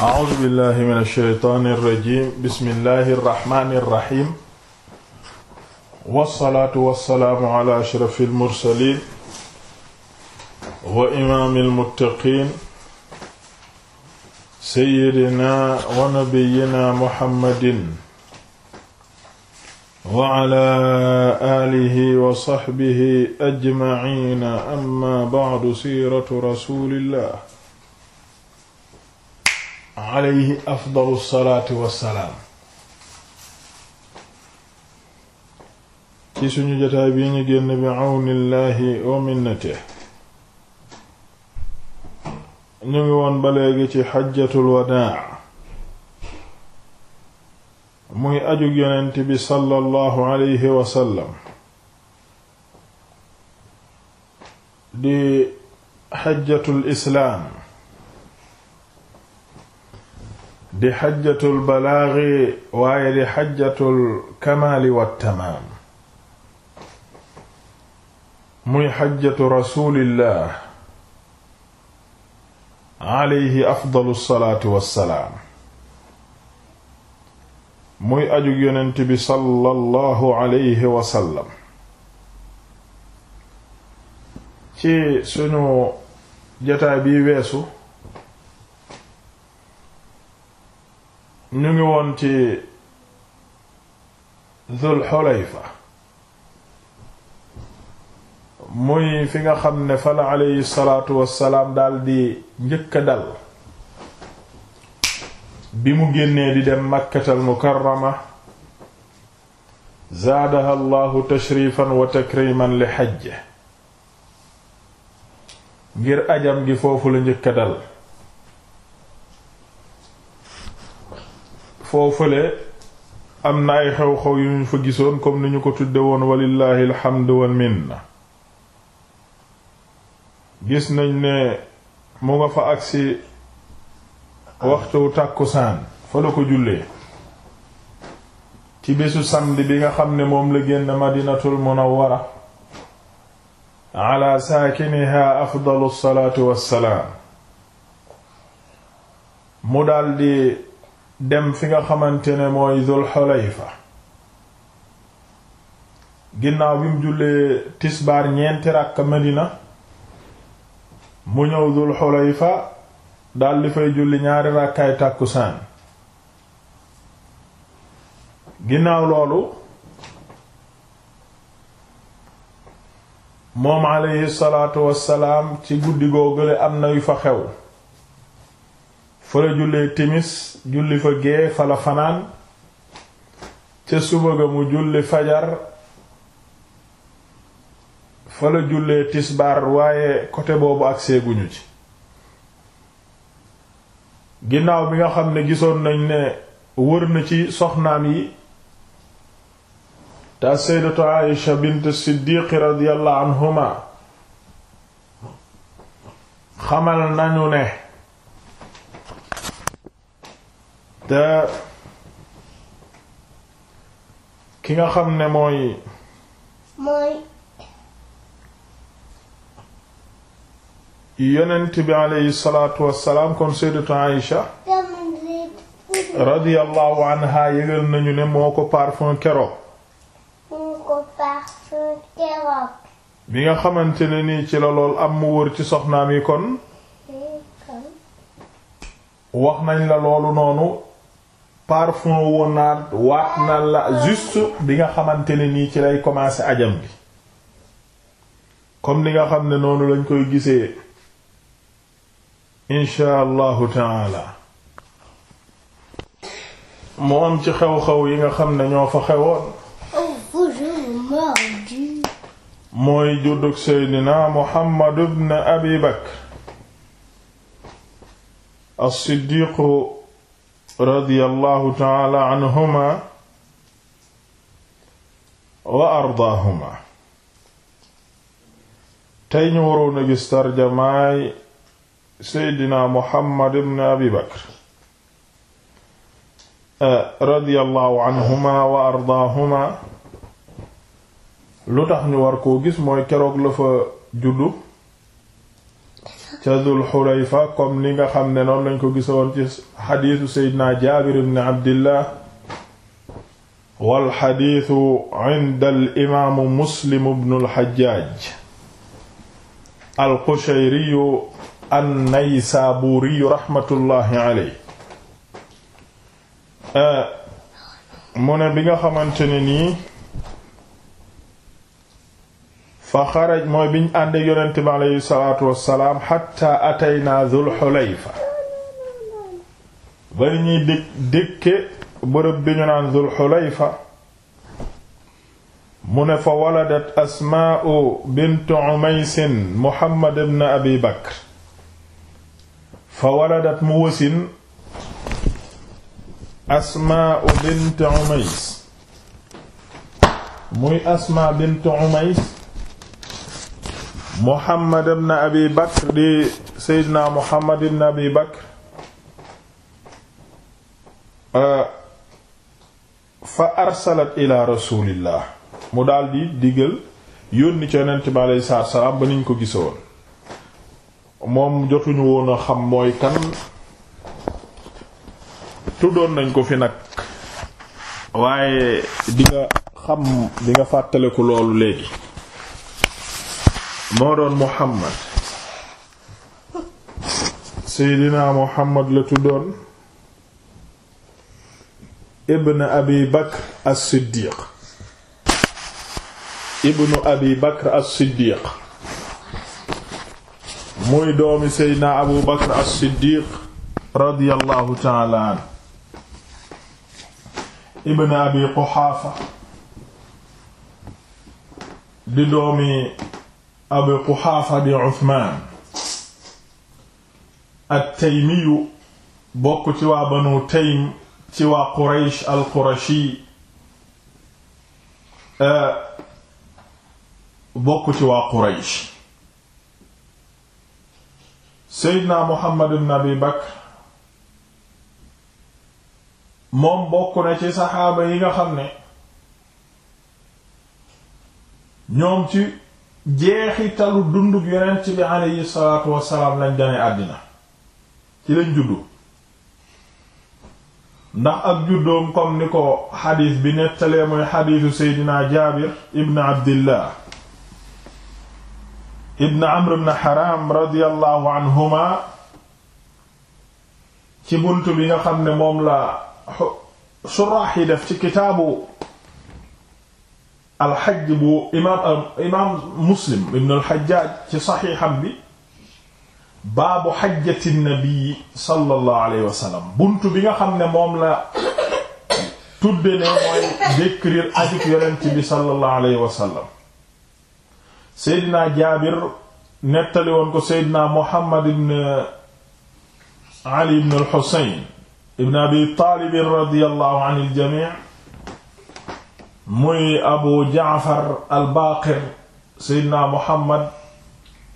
a'uuzu billahi min ash-shaytaani rajim bismillahi irrahmani irrahim wassalaatu wassalaamu ala ashrafil mursaliin wa imaamil muttaqiin sayyidinaa wa nabiyyinaa muhammadin wa ala aalihi wa sahbihi ajma'iin amma ba'du siiratu rasuulillah alayhi afdalu salaati wassalaam ci suñu jotaay bi ñu génn bi àwnillaahi wa minnate ñu ngi woon ba léegi ci xajjatul wadaa muy ajug yonent bi sallallahu alayhi wa sallam di xajjatul islaam di xajjatul balaagi waaye di xajjatul kamaali wa tamaam muy xajjatu rasulillah alayhi afdalu salaatu wassalaam muy aju yonent bi sallallahu alayhi wa ci sunu jotaay bi weesu ñu ngi woon ci Zul Xulayfa muy fi nga xam ne fa la aleyhi salaatu daldi njëkk dal bi mu génnee di dem Makkatal Mukarrama zaadaha Allahu tashrifan wa takriman li xajje ngir ajam gi foofu la njëkk dal foofale am na ay xew-xew yu ñu fa gisoon comme ni ñu ko tudde woon walillahi alhamdu wal minna gis nañ ne mu nga fa agsi waxtu tàkkusaan fa la ko jullee ci bésu samedi bi nga xam ne moom la génn madinatul munawwara ala saakiniha afdalu salaatu mu daldi dem fi nga xamante ne mooy Zul Xulayfa ginnaaw bi mu jullee tisbaar ñeenti ràkk Medina mu ñëw fa dal daldi fay julli ñaari ràkkaay tàkkusaan ginnaaw loolu moom aleyhi salaatu wassalaam ci guddi googule am na yu fa xew fa la jullee timis julli fa gee fa fanaan ca suba ga mu julli fajar fala la jullee tisbaar waaye côté boobu ak seeguñu ci ginnaaw bi nga xam ne gisoon nañ ne wër na ci soxnaan yi te sayyidatu Aisha bint Siddiq radiyallahu anhuma xamal nañu ne te ki nga xam ne mooy mooy yonent bi aleyhi salaatu wassalaam kon sayyidatu Aïsha radiyallahu anha yëgal nañu ne moo ko parfum keroog bi nga xamante ne nii ci la lool am mu wër ci soxnaam yi kon eh, wax nañ la loolu noonu parfum woon naa waat na la juste bi nga xamante ne nii ci lay commencer ajam bi comme ni nga xam ne noonu lañ koy gisee insha allahu taala moo am ci xew-xew yi nga xam ne ñoo fa xewoon mooy juddug seydina Muhammad ibn Abi Bakr as-Siddiq radiyallahu taala anhuma wa ardaahuma tey ñu waroon gis tarjamaay seydina muhammad ibn abi bakr radiyallahu anhuma tax ñu war koo gis mooy keroog la fa juddu ca Dul Xulayfa comme ni nga xam ne noonu lañ ko gisoon ci xadiisu seydina Jaabir ibn Abdillah wal xadiisu inda al imaamu Muslim ibn al Xajjaaj al Qushayri an Naysaabuuri raxmatullaahi alayhi mu ne bi nga xamante ne nii fa xaraj mooy biñ ànd yonent bi aleyhi salaatu wassalaam xatta bari ñuy dëkk dëkke bërëb bi ñu naan Zul Xulayfa mu ne fa waladat Asmaa'u bint mu wasin muy Asmaa bint Umays Muhammad ibn Abi Bakr di na Muhammad ibn Abi Bakr fa arsalat ila rasulillah mu daldi digal yónni ci yonent bi alayhi salaam ba niñ ko gisoon moom jotuñu woon a xam mooy kan tuddoon nañ ko fi nag waaye di nga xam di nga fàttaliku loolu léegi moo doon Muhammad Seydina Muhammad la tuddoon Ibn Abi Bakr as-Siddiq Ibn Abi Bakr as-Siddiq muy doomi Seydina Abu Bakr as-Siddiq radiyallahu ta'ala an Ibn Abi Quhafa di doomi abu quxaafa di uthman at-taymiyu bokk ci waa banu taym ci waa quraysh al-qurashi eh, bokk ci waa quraysh seydna muhammad ibn abi bakr moom bokk na ci saxaaba yi nga xam ne ñoom ci jeexitalu dundug yonent bi aleyhi salaatu wasalaam lañ gane àddina ci lañ juddu ndax ak juddoom comme ni ko xadiis bi nettalee mooy xadiisu seydina jaabir ibn abdillah ibn amr ibn haram radiyallahu anhuma ci bunt bi nga xam ne moom la suraax def ci kitaabu alxaj bu imaam imaam muslim ibn alxajjaaj ci saxiixam bi baabu xajjati nabii sallallahu alayhi wa sallam bunt bi nga xam ne moom la tudde ne mooy décrire ajug yonent bi sallallahu alayhi wa sallam Seydina Jaabir nettali woon ko Seydina Muhammad ibn Ali ibn al-Husayn ibn Abi Taalib radiyallahu anil jamii muy abu jaafar al baqir seydna muhammad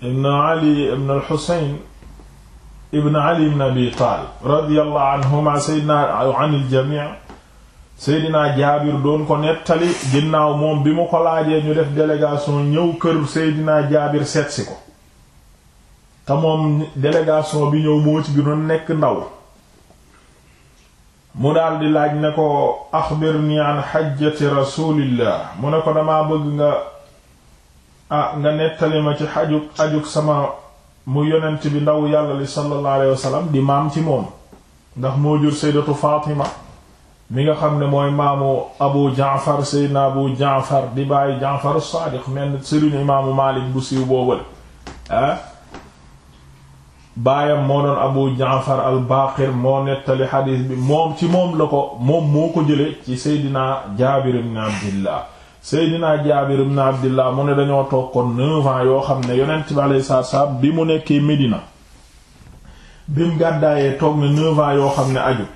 ibn ali ibn al xusayn ibn ali ibn abi taalib radiyallahu anhuma seydna an il jamii seydna jaabir doon ko nettali ginnaaw moom bi mu ko laajee ñu def délégation ñëw kër seydna jaabir seetsi ko te moom délégation bi ñëw moo ci gënoon nekk ndaw mu daal di laaj ne ko axbirni an xajjati rasulillah mu ne ko damaa bëgg nga ah nga nettali ma ci xajug ajug sama mu yonent bi ndaw yàlla li sallallahu alayhi wasallam di maam ci moom ndax moo jur saydatu Fatima mi nga xam ne mooy maamu Abu Jaafar seydna Abu Jaafar di bàyyi Jaafar Saadiq menn sëriñu imaamu Maalik bu si boobale ah. baayam moo doon abu jaafar al baqir moo nettali xadiis bi moom ci moom la ko moom moo ko jële ci seydina jaabir ibn abdillah seydina jaabir ibn abdillah mu ne dañoo toog ko neuf yoo xam ne yonent bi alayhi salaatu bi mu nekkee Medina bi mu gàddaayee toog ne neuf yoo xam ne aju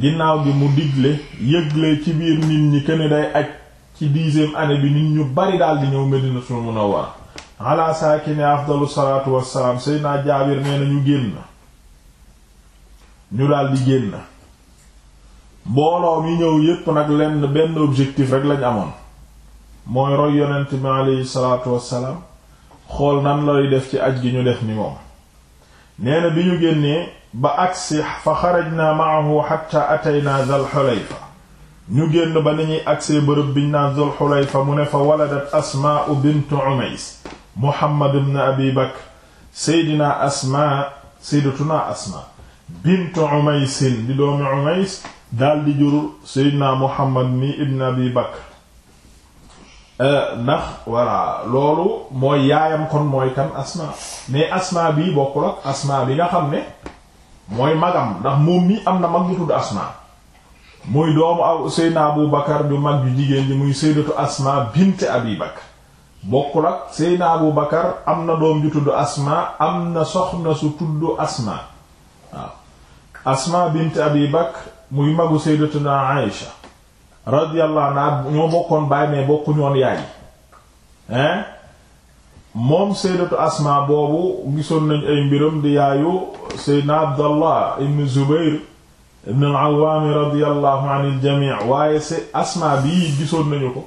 ginnaaw bi mu digle yëgle ci biir nit ñi kenn day aj ci dixième année bi nit ñu bari daal di ñëw Medina sul munawwara ala saakine afdalu salaatu wassalaam seydina jaabir nee ñu génn ñu daal di génn mbooloo mi ñëw yépp nag lenn benn objectif rek lañ amoon mooy roy yonent mi aleyhi salaatu wassalaam xool nan lay def ci aj gi ñu def ni moom nee na bi ñu génnee ba agsi fa xarajna maahu xatta atayna zal xulayfa ñu génn ba ni ñuy agsee bërëb biñ naan zal xulayfa mu ne fa waladat asmaau bintu umays Muhammad ibn Abi Bakr Seydina Asmaa Seydatuna Asmaa bint Umaysin di doomi Umays daal Abi Bakr eh, ndax voilà loolu mooy yaayam kon mooy kan Asmaa mais Asmaa bii bokkul ak Asmaa bi nga xam ne mooy magam ndax moom mii am na mag bu tudd Asmaa muy doomu aw Seydina Abu Bakar bi mag ju jigéen ji muy Sayyidatu Asmaa bint Abi Bakr bokkul ak Seydina Abu Bakar am na doom ju tudd Asma am na soxna su tudd Asma waaw Asma bint Abi Bakr muy magu Sayyidatuna Aïsha boobu gisoon nañ ay mbiram di yaayu Seydina Abdallah ibn Zubayr ibn al-Awwam radiyallahu anil jami' waaye Asma bii gisoon nañu ko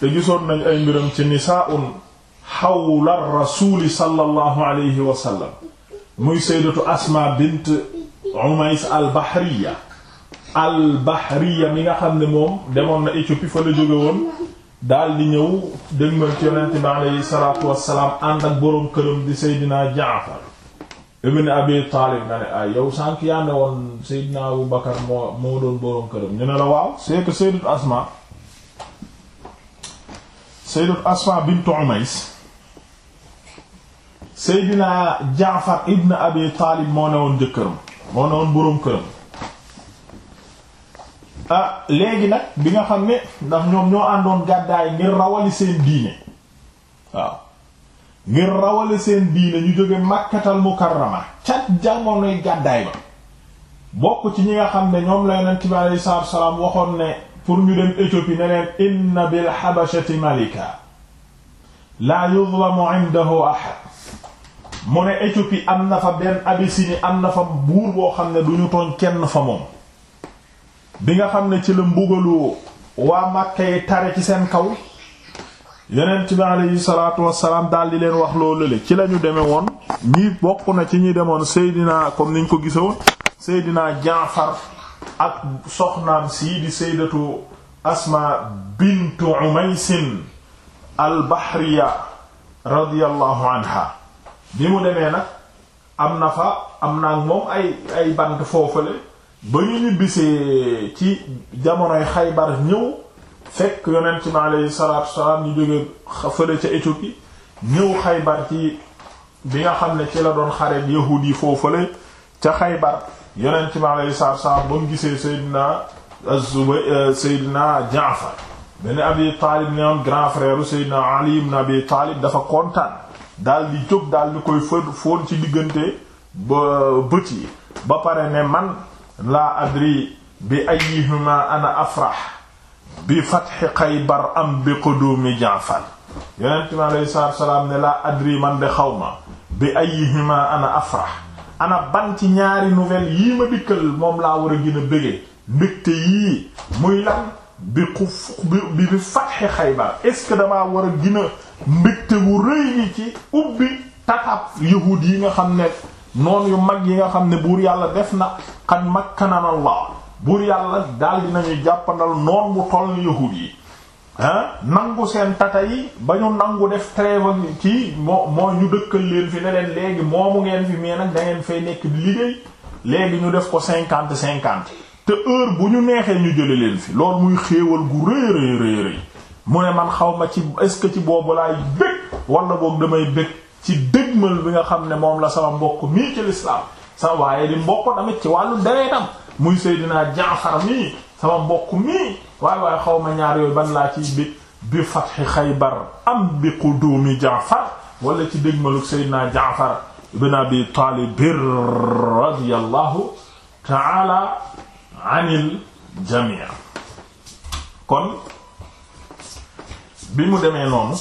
te gisoon nañ ay mbiram ci nisaa'un xawla rasuuli sallallahu alayhi wa sallam muy sayyidatu asma bint umays al bahriya al bahriya mi nga xam ne moom demoon na Éthiopie fa la jóge woon daal di ñëw dëgmal ci yonent bi alayhi salaatu wassalaam ànd ak boroom këram di seydina jaafar ibn abi taalib nga ne ay yow sànk yaa woon seydina abu bakar moo doon boroom këram ñu ne la waaw c'est que sayyidatu asma sayyidat Asma bint Umays seydina Jaafar ibn Abi Taalib moo ne woon jëkkëram moo ne woon boroom këram ah léegi nag bi nga xam ne ndax ñoom ñoo àndoon gàddaay ngir rawali seen diine waaw ngir rawali seen diine ñu jóge Makkatal Mukarrama ca jamonoy gàddaay ba bokk ci ñi nga xam ne ñoom la Yonent bi alayhi salaatu waxoon ne pour ñu dem Éthiopie ne leen inna bil habashati malika laa yuzlamu indahu ahad mu ne Éthiopie am na fa benn Abyssinie am na fa buur boo xam ne du tooñ kenn fa moom bi nga xam ne ci la mbugalu waa Makka yi tare ci seen kaw yonent bi aleyhi salaatu wassalaam dal di leen wax loolu le ci la ñu demee woon ñi bokk na ci ñi demoon Seydina comme niñ ko gisoon Seydina Jaafar ak soxnaam sii di saydatu asma bintu umaysin albahriya radiyallahu anha bi mu demee nag am na fa am na ak moom ay ay bant foofale ba ñu ñibbisee ci jamonoy xaybar ñëw fekk yonent mi aleyhi salatu wasalaam ñu jóge fële ca Éthiopie ñëw xaybar ci bi nga xam ne ci la doon xareet yahuud yi foofale ca xaybar yonent bi alayhi salaatu salaam ba mu gisee Seydina Az-Zubayr euh, Seydina Jaafar benn Abi Taalib ne woon grand frère Seydina Ali ibn Abi Taalib dafa kontaan daal di jóg daal di koy fë foon ci diggante ba bët yi ba pare ne man laa adri bi ayyihima ana afrah bi fathi Xaybar am bi qudumi Jaafar yonent bi alayhi salaatu salaam ne laa adri man de xawma bi ayyihima ana afrah ana ban ci ñaari nouvelle yii ma dikkal moom laa war a gën a bëggee mbégte yii muy lan bi xuf bi bi fatxi Xaybar est damaa war a gën mbigte mbégte wu rëy yi ci ubbi tatab yahuud yi nga xam ne noon yu mag yi nga xam ne buur yàlla def na xan makkananallah buur yàlla daal dinañu jàppandal noon mu toll yahuud yi Ah? nangu seen tata yi ba ñu nangu def trêve ci moo moo ñu dëkkal leen fi ne leen léegi moomu ngeen fi mais nag da ngeen fay nekk di liggéey léegi ñu def ko cinquante cinquante te heure bu ñu neexee ñu jële leen fi loolu muy xéewal gu rëy rëy rëy mu ne man xaw ma ci est-ce que ci boobu laay bëgg wala boog damay bëgg ci dëgmal bi nga xam ne moom la sama mbokk mii ci lislaam sama waaye di mbokk tamit ci wàllu dereetam muy Seydina Jaafar mii sama mbokk mii waaye waaye xaw ma ñaar yooyu ban laa ci bég bi fatxi xaybar am bi quduumi jaafar wala ci dégmaluk seydina jaafar ibn abi taalib radiyallahu taala anil jamii kon bi mu demee noonu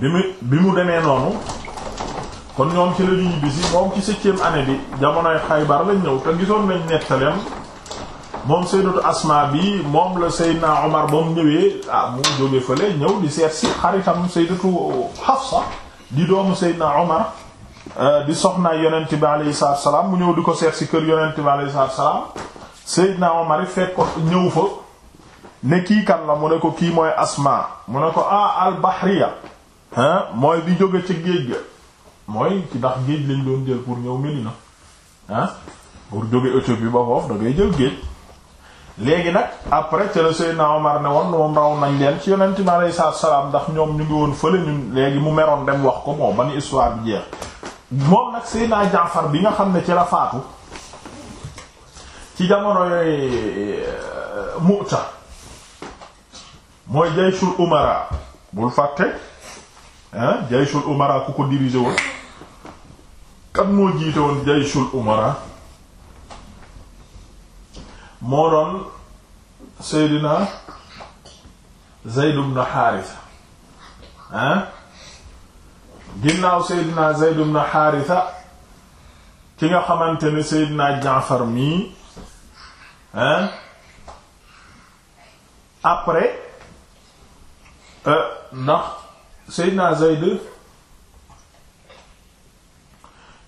bi mu bi mu demee noonu kon ñoom ci la ñu moom ci septième année bi jamonoy xaybar lañ ñëw te gisoon nañ nettaleem moom sayyidatu Asma bi moom la Seydina Omar ba mu ñëwee ah mu jóge fële ñëw di seet si xaritam sayyidatu Hafsa di doomu Seydina Omar euh, di soxnaay yonent bi alayhi salaatu wa salaam mu ñëw di ko seet si kër yonent bi alayhi salaatu wa salaam Seydina Omar fekk ko ñëw fa ne kii kan la mu ne ko kii mooy Asma mu ne ko ah al bahriya mooy di jóge ci géej ga mooy ci ndax géej lañ doon jël pour ñëw Medina ah pour jóge Éthiopie ba foofu da jël géej. léegi nag après ca la Seydina Omar ne woon moom raw nañ leen ci yonent mi alayhi salaatu salaam ndax ñoom ñu ngi woon fële ñu léegi mu meroon dem wax ko moom ba ni histoire bi jeex moom nag Seydina Jaafar bi nga xam ne ci la faatu ci jamono yooyu euh, Mu'ta mooy jayshul umara bul fàtte hein jayshul umara ku ko dirigé woon kan moo jiite woon jayshul umara moo doon Seydina Zayd ibn Haarisa ah ginnaaw Seydina Zayd ibn Haarisa ki nga xamante ne Seydina Jaafar mii ah après euh, ndax Seydina Zayd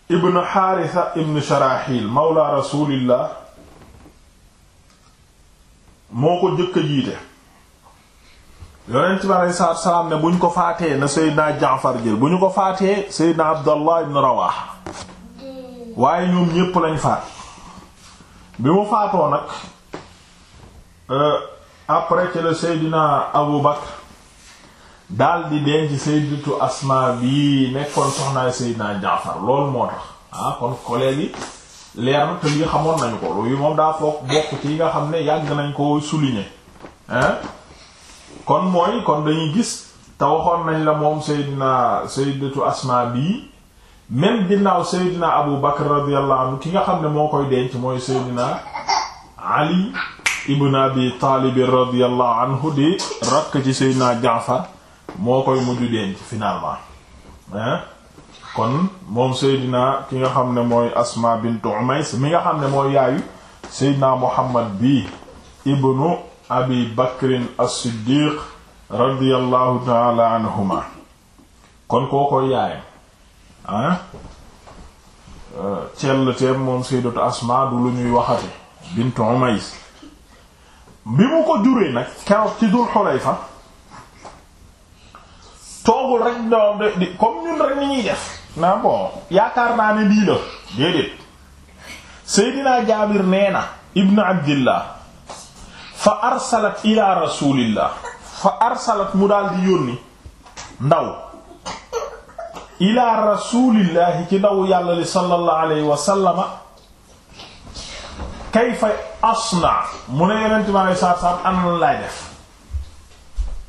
ibn Haarisa ibn Sharaxil mawla rasulillah moo ko jëkk a jiite yonent bi aleyhi salaatu salaam ne bu ñu ko faatee na Seydina Jaafar jël bu ñu ko faatee Seydina Abdallah ibn Rawaaha waaye ñoom ñépp lañ faat bi mu faatoo nag euh, après que le Seydina Abu Bakr daal di denc Sayyidatu Asmaa bi nekkoon soxnaay Seydina Jaafar loolu moo tax ah kon collègue yi leer na te lii xamoon nañu ko loolu moom daa foog bokk ci yi nga xam ne yàgg nañ ko souligner hein kon mooy kon dañuy gis te waxoon nañ la moom Seydina Sayyidatu Asma bii même ginnaaw Seydina Abu Bakr radiyallahu anhu ki nga xam ne moo koy denc mooy Seydina Ali ibn Abi Talib radiyallahu anhu di rakk ci Seydina Jaafar moo koy mujj denc finalement hein kon moom Seydina ki nga xam ne mooy Asma bint Umays mi nga xam ne mooy yaayu Seydina Muhammad bi ibnu Abi Bakrin as-Siddiq radiyallahu taala anhuma kon koo koy yaayam ah, eh, cell teem moom Sayyidatu Asma du lu ñuy waxati bint Umays bi mu ko juree nag keroog ci Dul Xulayfa toogul rek doom de comme ñun rek ni ñuy def naa bon yaakaar naa ne lii la déedéet Seydina Jaabir nee na ibn Abdillah fa arsalat ila rasulillah fa arsalat mu daal di yónni ndaw ila rasulillahi ci ndaw yàlla li sallallahu alayhi wa sallama kayfa asna mu ne yonent mi alei satu salaam ana lan laay def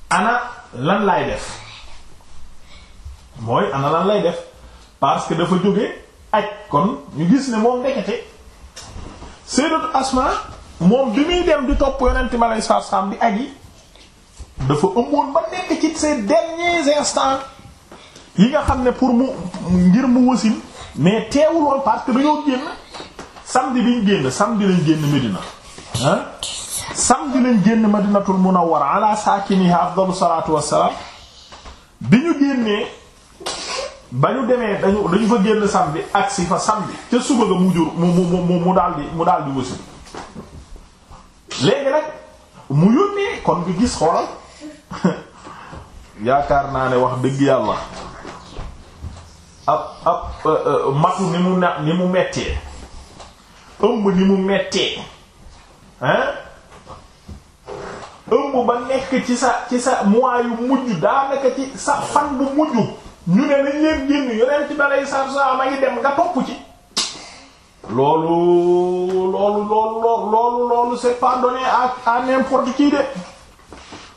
ana lan laay def mooy ana lan lay def parce que dafa jóge ak kon ñu gis ne moom ndekete sayyidatu Asma moom bi muy dem di topp yonent ma lay sarsam di yi dafa ëmboon ba nekk ci ses derniers instants yi nga xam ne pour mu ngir mu wasin mais teewuloon parce que dañoo génn samedi biñ génn samedi lañ génn Medina ah samedi lañ génn Madinatul Munawwara ala saakiniha afdalu salaatu wassalaam bi ñu génnee ba ñu demee dañu dañu fa génn samedi agsi fa samedi ca suba ga mu jur mu mu mu mu daal di mu daal di léegi nag mu yónnee kon nga gis xoolal yaakaar naa ne wax dëgg yàlla ab ab euh, euh, matu ni mu na ni mu mettee ëmb ni mu mettee hein ëmb ba nekk ci sa ci sa mois yu mujj daanaka ci sa fan bu mujj ñu ne nañ leen génn ci bi aleyhi salaatu salaam a ngi dem nga topp ci loolu loolu loolu loolu loolu c'est pas donné à à n'importe qui de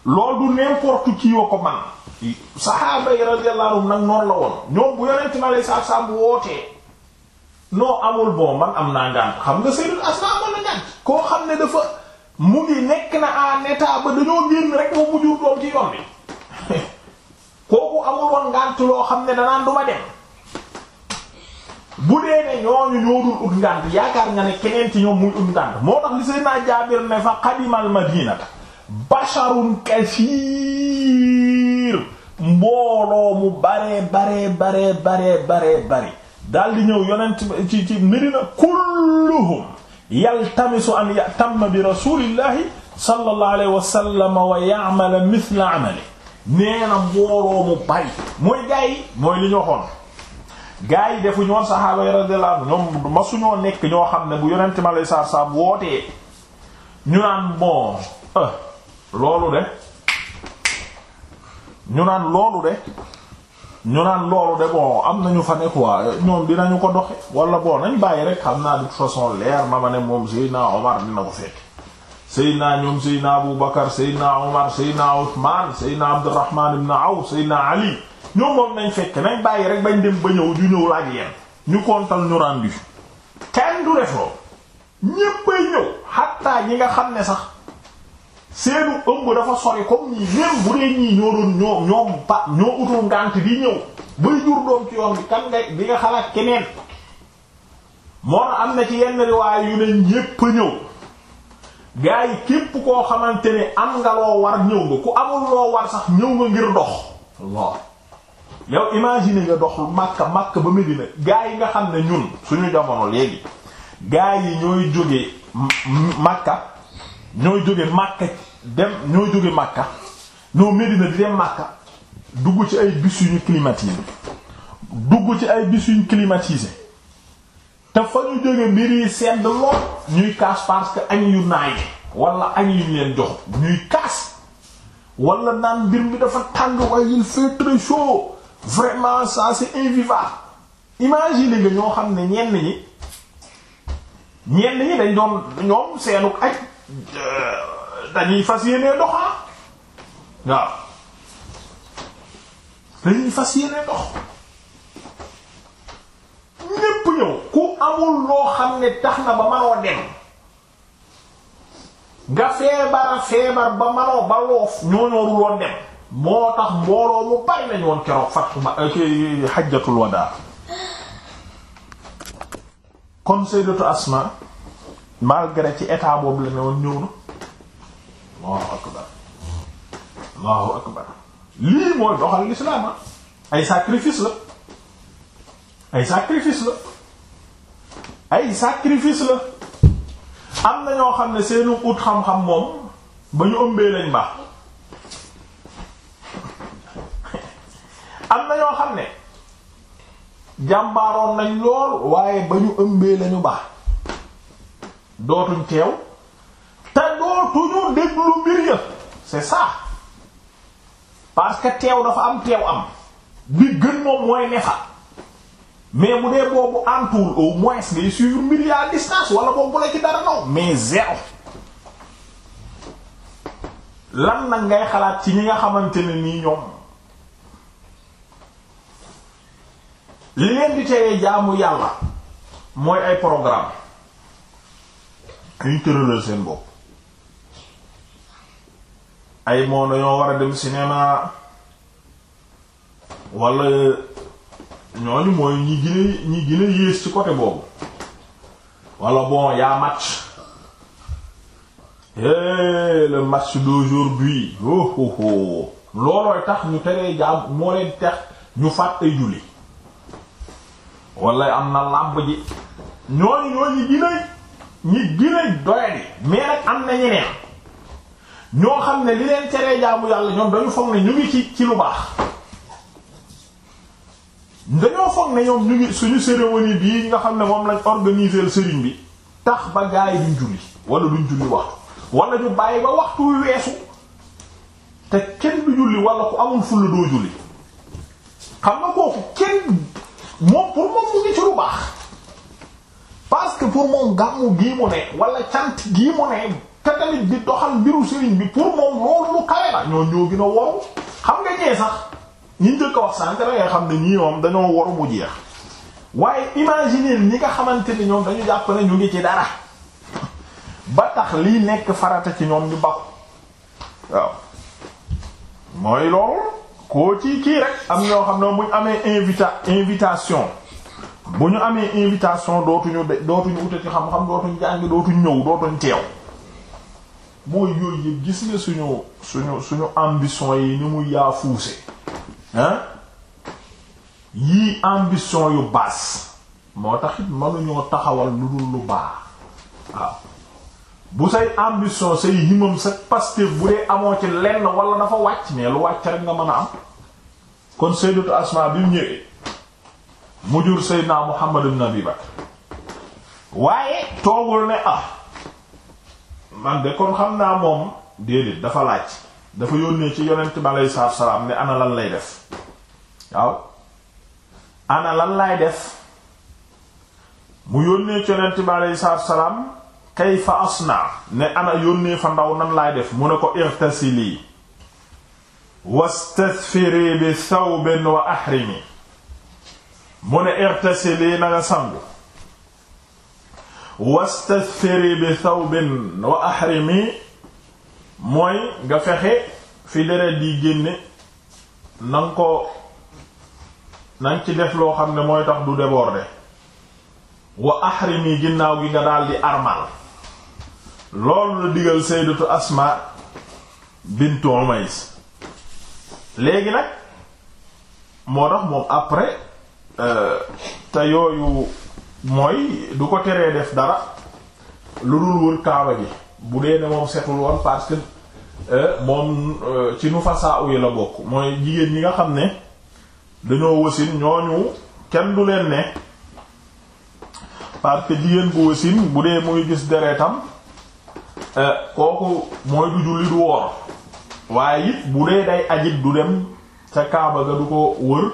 loolu du n'importe qui yoo ko man saxaaba yi radiyallahu anhum nag noonu la woon ñoom bu yonent bi aleyhi salaatu salaam wootee non amul bon man am naa ngànt xam nga Sayyidul Asma amoon na koo xam ne dafa mu ngi nekk na en état ba dañoo génn rek mu mujjur doom ci yoon bi kooku amul woon ngànt loo xam ne danaan du ma dem bu dee ne ñooñu ñoo dul ut yaakaar nga ne keneen ci ñoom muy ut ngànt moo tax li Jaabir ne fa qadimal madinata basharun kasiir mbooloo mu baree baree baree baree baree bari daal di ñëw yonent ci ci Medina bi rasulillahi sallallahu alayhi wa sallam ya'mal mithla amali nee na mbooloo mu bari mooy gaa yi mooy li ñu waxoon gaa yi defu ñoon saxaaba yi radiyallahu anhu ñoom masuñoo nekk ñoo xam ne bu yonent ma lay saar saab wootee ñu naan bon eh, loolu de ñu naan loolu de ñu naan loolu de bon am nañu fa ne quoi ñoom dinañu ko doxe wala bon nañ bàyyi rek xam naa de façon leer ma ma ne moom Seydina Omar dina ko fekk seydna ñoom seydna abu bakar seydna omar seydna uthman seydna abdurrahman seydna ali ñoom moom nañ fekk nañ bàyyi rek bañ dem ba ñëw ñu ñëw laaj yeen ñu kontal ñu rendu kenn du def ñéppay ñëw xattaa ñi nga xam ne sax seenu ëmb dafa sori comme nii même bu dee ñii ñoo doon ñoo ñoom ba ñoo utul ngànt di ñëw bay jur doom ci yoon bi kan nga bi nga xalaat keneen moo am na ci yenn riwaay yu ne ñépp ñëw gaa yi képp koo xamante ni am nga loo war ñëw nga ku amul loo war sax ñëw nga ngir dox Allah yow imagine nga dox Makka Makka ba Medina gaa yi nga xam ne ñun suñu jamono léegi gaa yi ñooy jóge Makka ñooy jóge Makka dem ñoo jóge Makka ñoo Medina di dem Makka dugg ci ay bus yu ñu climatisé dugg ci ay bus yu ñu climatisé te ñu jóge mbir seen sedd lool ñuy kaas parce que añ yu naay wala añ yu leen jox ñuy kaas wala naan mbir mi dafa tàng waaye il fait très vraiment ça c'est invivable imagine nga ñoo xam ne ñenn ñi ñenn ñi dañ doon ñoom seenu aj euh, dañuy fas yéenee dox ah, waaw dañuy fas yéenee dox ñépp ñëw ku amul loo xam ne tax na ba manoo dem nga feebara feebar ba manoo ba loof ñooñooru loon dem moo tax mbooloo mu bari nañ woon keroog fatuma xajjatul euh, wadaa kon sayyidatu Asma malgré ci état boobu la ne woon ñëw na Allahu akbar Allahu akbar lii mooy doxal l'islam ah. ay sacrifice la ay sacrifice la ay sacrifice la am na ñoo xam ne seenu ut xam-xam moom ba ñu ëmbee lañ am na xam ne jàmbaaroon nañ lool waaye ba ñu ëmbee lañu baax dootuñ teew te dootuñu déglu mbir ya c'est ça parce que teew dafa am teew am bi gën moom mooy nefa mais bu dee boobu antuwul au moins ngay suivre mbir à distance wala boobu la ci dara naw mais zéro lan nag ngay xalaat ci ñi nga xamante ne nii ñoom li leen di teree jaamu yàlla mooy ay programme ñu tëralal ay moo na ñoo war a dem cinéma wala ñooñu mooy ñi gën ñi gën a yées ci côté boobu wala bon yaa match é eh, le match d'aujourd'hui oh oh oh loolooy tax ñu teree jaam moo leen tax ñu fàtt ay julli wala am na làmb ji ñooñu ñooñu ñi gën ñi gën doyadi mais nag am na ñeneen ñoo xam ne li leen teree jaamu yàlla ñoom dañu foog ne ñu ngi ci ci lu baax dañoo foog ne ñoom ñu ngi suñu cérémonie bii nga xam ne moom lañ organiser sëriñ bi tax ba gaay yi duñ julli wala duñ julli waxtu wala ñu bàyyi ba waxtu wi weesu te kenn du julli wala ku amul fulla doo julli xam nga kooku kenn moom pour moom mu ngi ci lu baax parce que pour moom gàmmu gii mu ne wala cant gii mu ne te tamit di doxal mbiru sëriñ bi pour moom loolu lu kawe la ñoo ñoo gën a wow xam nga ñee sax. ñi njëkk wax sànq da xam ne ñii moom dañoo waru mu jeex waaye imaginer ñi nga xamante ni ñoom dañu jàpp ne ñu ngi ci dara ba tax lii nekk farata ci ñoom ñu bakku waaw mooy loolu koo ci kii rek am ñoo xam ne bu ñu amee invita invitation bu ñu amee invitation dootuñu de dootuñu utati xam-xam dootuñu jàng dootuñu ñëw dootuñu teew mooy yooyu yëpp gis nga suñu suñu suñu ambition yi ni mu yaafuuse ah yii ambition yu baas moo tax it mënuñoo taxawal lu dul lu baax waaw bu say ambition say himam sa pasteur bu dee amoo ci lenn na dafa wàcc mais lu wàcc rek nga mën a am kon sayyidatu Asma bi mu ñëwee mu jur sayyidna Muhammad ibn Abi waaye toogul ne ah man de kon xam naa moom déedéet dafa laaj dafa yónnee ci yonent bi aleyhi salaam ne ana lan lay def waaw ana lan lay def mu yónnee ci yonent bi aleyhi salaatu wa salaam kayfa asna ne ana yónnee fa ndaw nan laay def mu ne ko irtasili wastadfiri bi thawbin wa ahrimi mu ne irtasili na sangu wastadfiri bi thawbin wa ahrimi mooy nga fexe fi deret di génne na ko na ci def loo xam ne mooy tax du déborder wa mi ginnaaw gi nga daal di armal loolu la digal sayyidatu Asma bintu Umays léegi nag moo tax moom après euh, te yooyu mooy du ko teree def dara lu dul wër kaaba gi bu dee ne moom setul woon parce que euh, moom euh, ci nu fasaa uyi la bokk mooy jigéen yi nga xam ne dañoo wasin ñooñu kenn du leen ne parce que jigéen bu wasin bu dee muy gis deretam euh, kooku mooy du julli du woor waaye it bu dee day ajit du dem ca kaaba ga du ko wër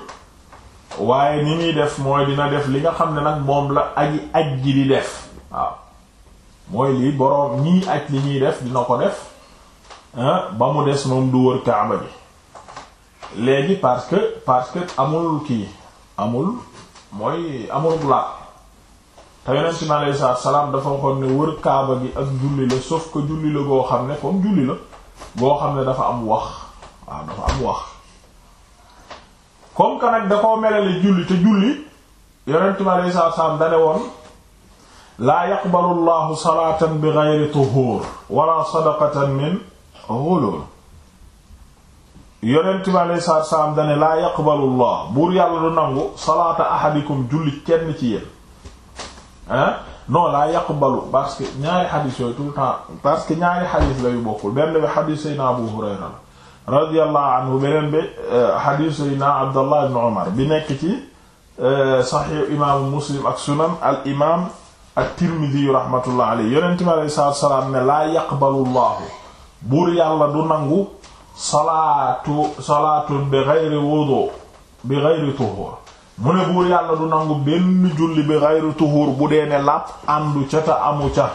waaye ni muy def mooy dina def li nga xam ne nag moom la aji aj ji di def waaw mooy lii boroom ñii aj li ñuy def dina ko def ba mu des moom du wër kaaba ji léegi parce que parce que amul kii amul mooy amul blaat te yonent bi aleyhi salaatu salaam dafa waxoon ne wër kaaba gi ak julli la sauf que julli la goo xam ne comme julli la goo xam ne dafa am wax waaw dafa am wax comme que da koo melale julli te julli yonent bi aleyhi salaatu salaam da woon laa yaqbalu llahu salaatan bi geyri tuhuur wala sadaqatan min ghulul yonent bi alei salaatu salaam dane laa yaqbalu llah buur yàlla du nangu salaata ahadikum julli kenn ci yéen ah non laa yaqbalu parce que ñaari xadis yooyu tout le temps parce que ñaari xadis la yu bokkul benn bi xadis sayna abu hurayra la radiyallahu anhu beneen bi euh, xadis sayna abdallah ibn umar bi nekk ci euh, saxiix imaamu muslim ak sunan al imaam at-Tirmidhi rahmatullah alayhi yonent bi alayhi salaatu wa salaam ne laa yaqbalu llaahu buur yàlla du nangu salaatu salaatun bi ghayri wudu bi ghayri tuhur mu ne buur yàlla du nangu benn julli bi ghayri tuhur bu dee ne làpp àndu ca ta amu ca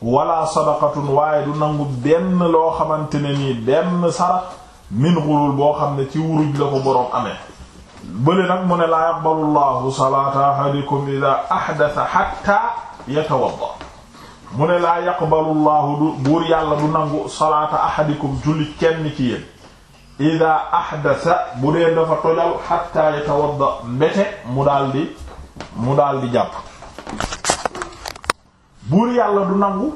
wala sadaqatun waaye du nangu benn loo xamante ne nii benn sarax min ghulul boo xam ne ci wuruj la ko boroom amee bële nag mu ne laa yaqbalu llaahu salaata ahadikum idha ahdatha hatta yatawadda mu ne laa yaqbalu llahu buur yàlla du nangu salaata ahadikum julli kenn ci yéen ida ahdasa bu dee dafa tojal xatta yatawadda mbete mu daldi mu daldi jàpp buur yàlla du nangu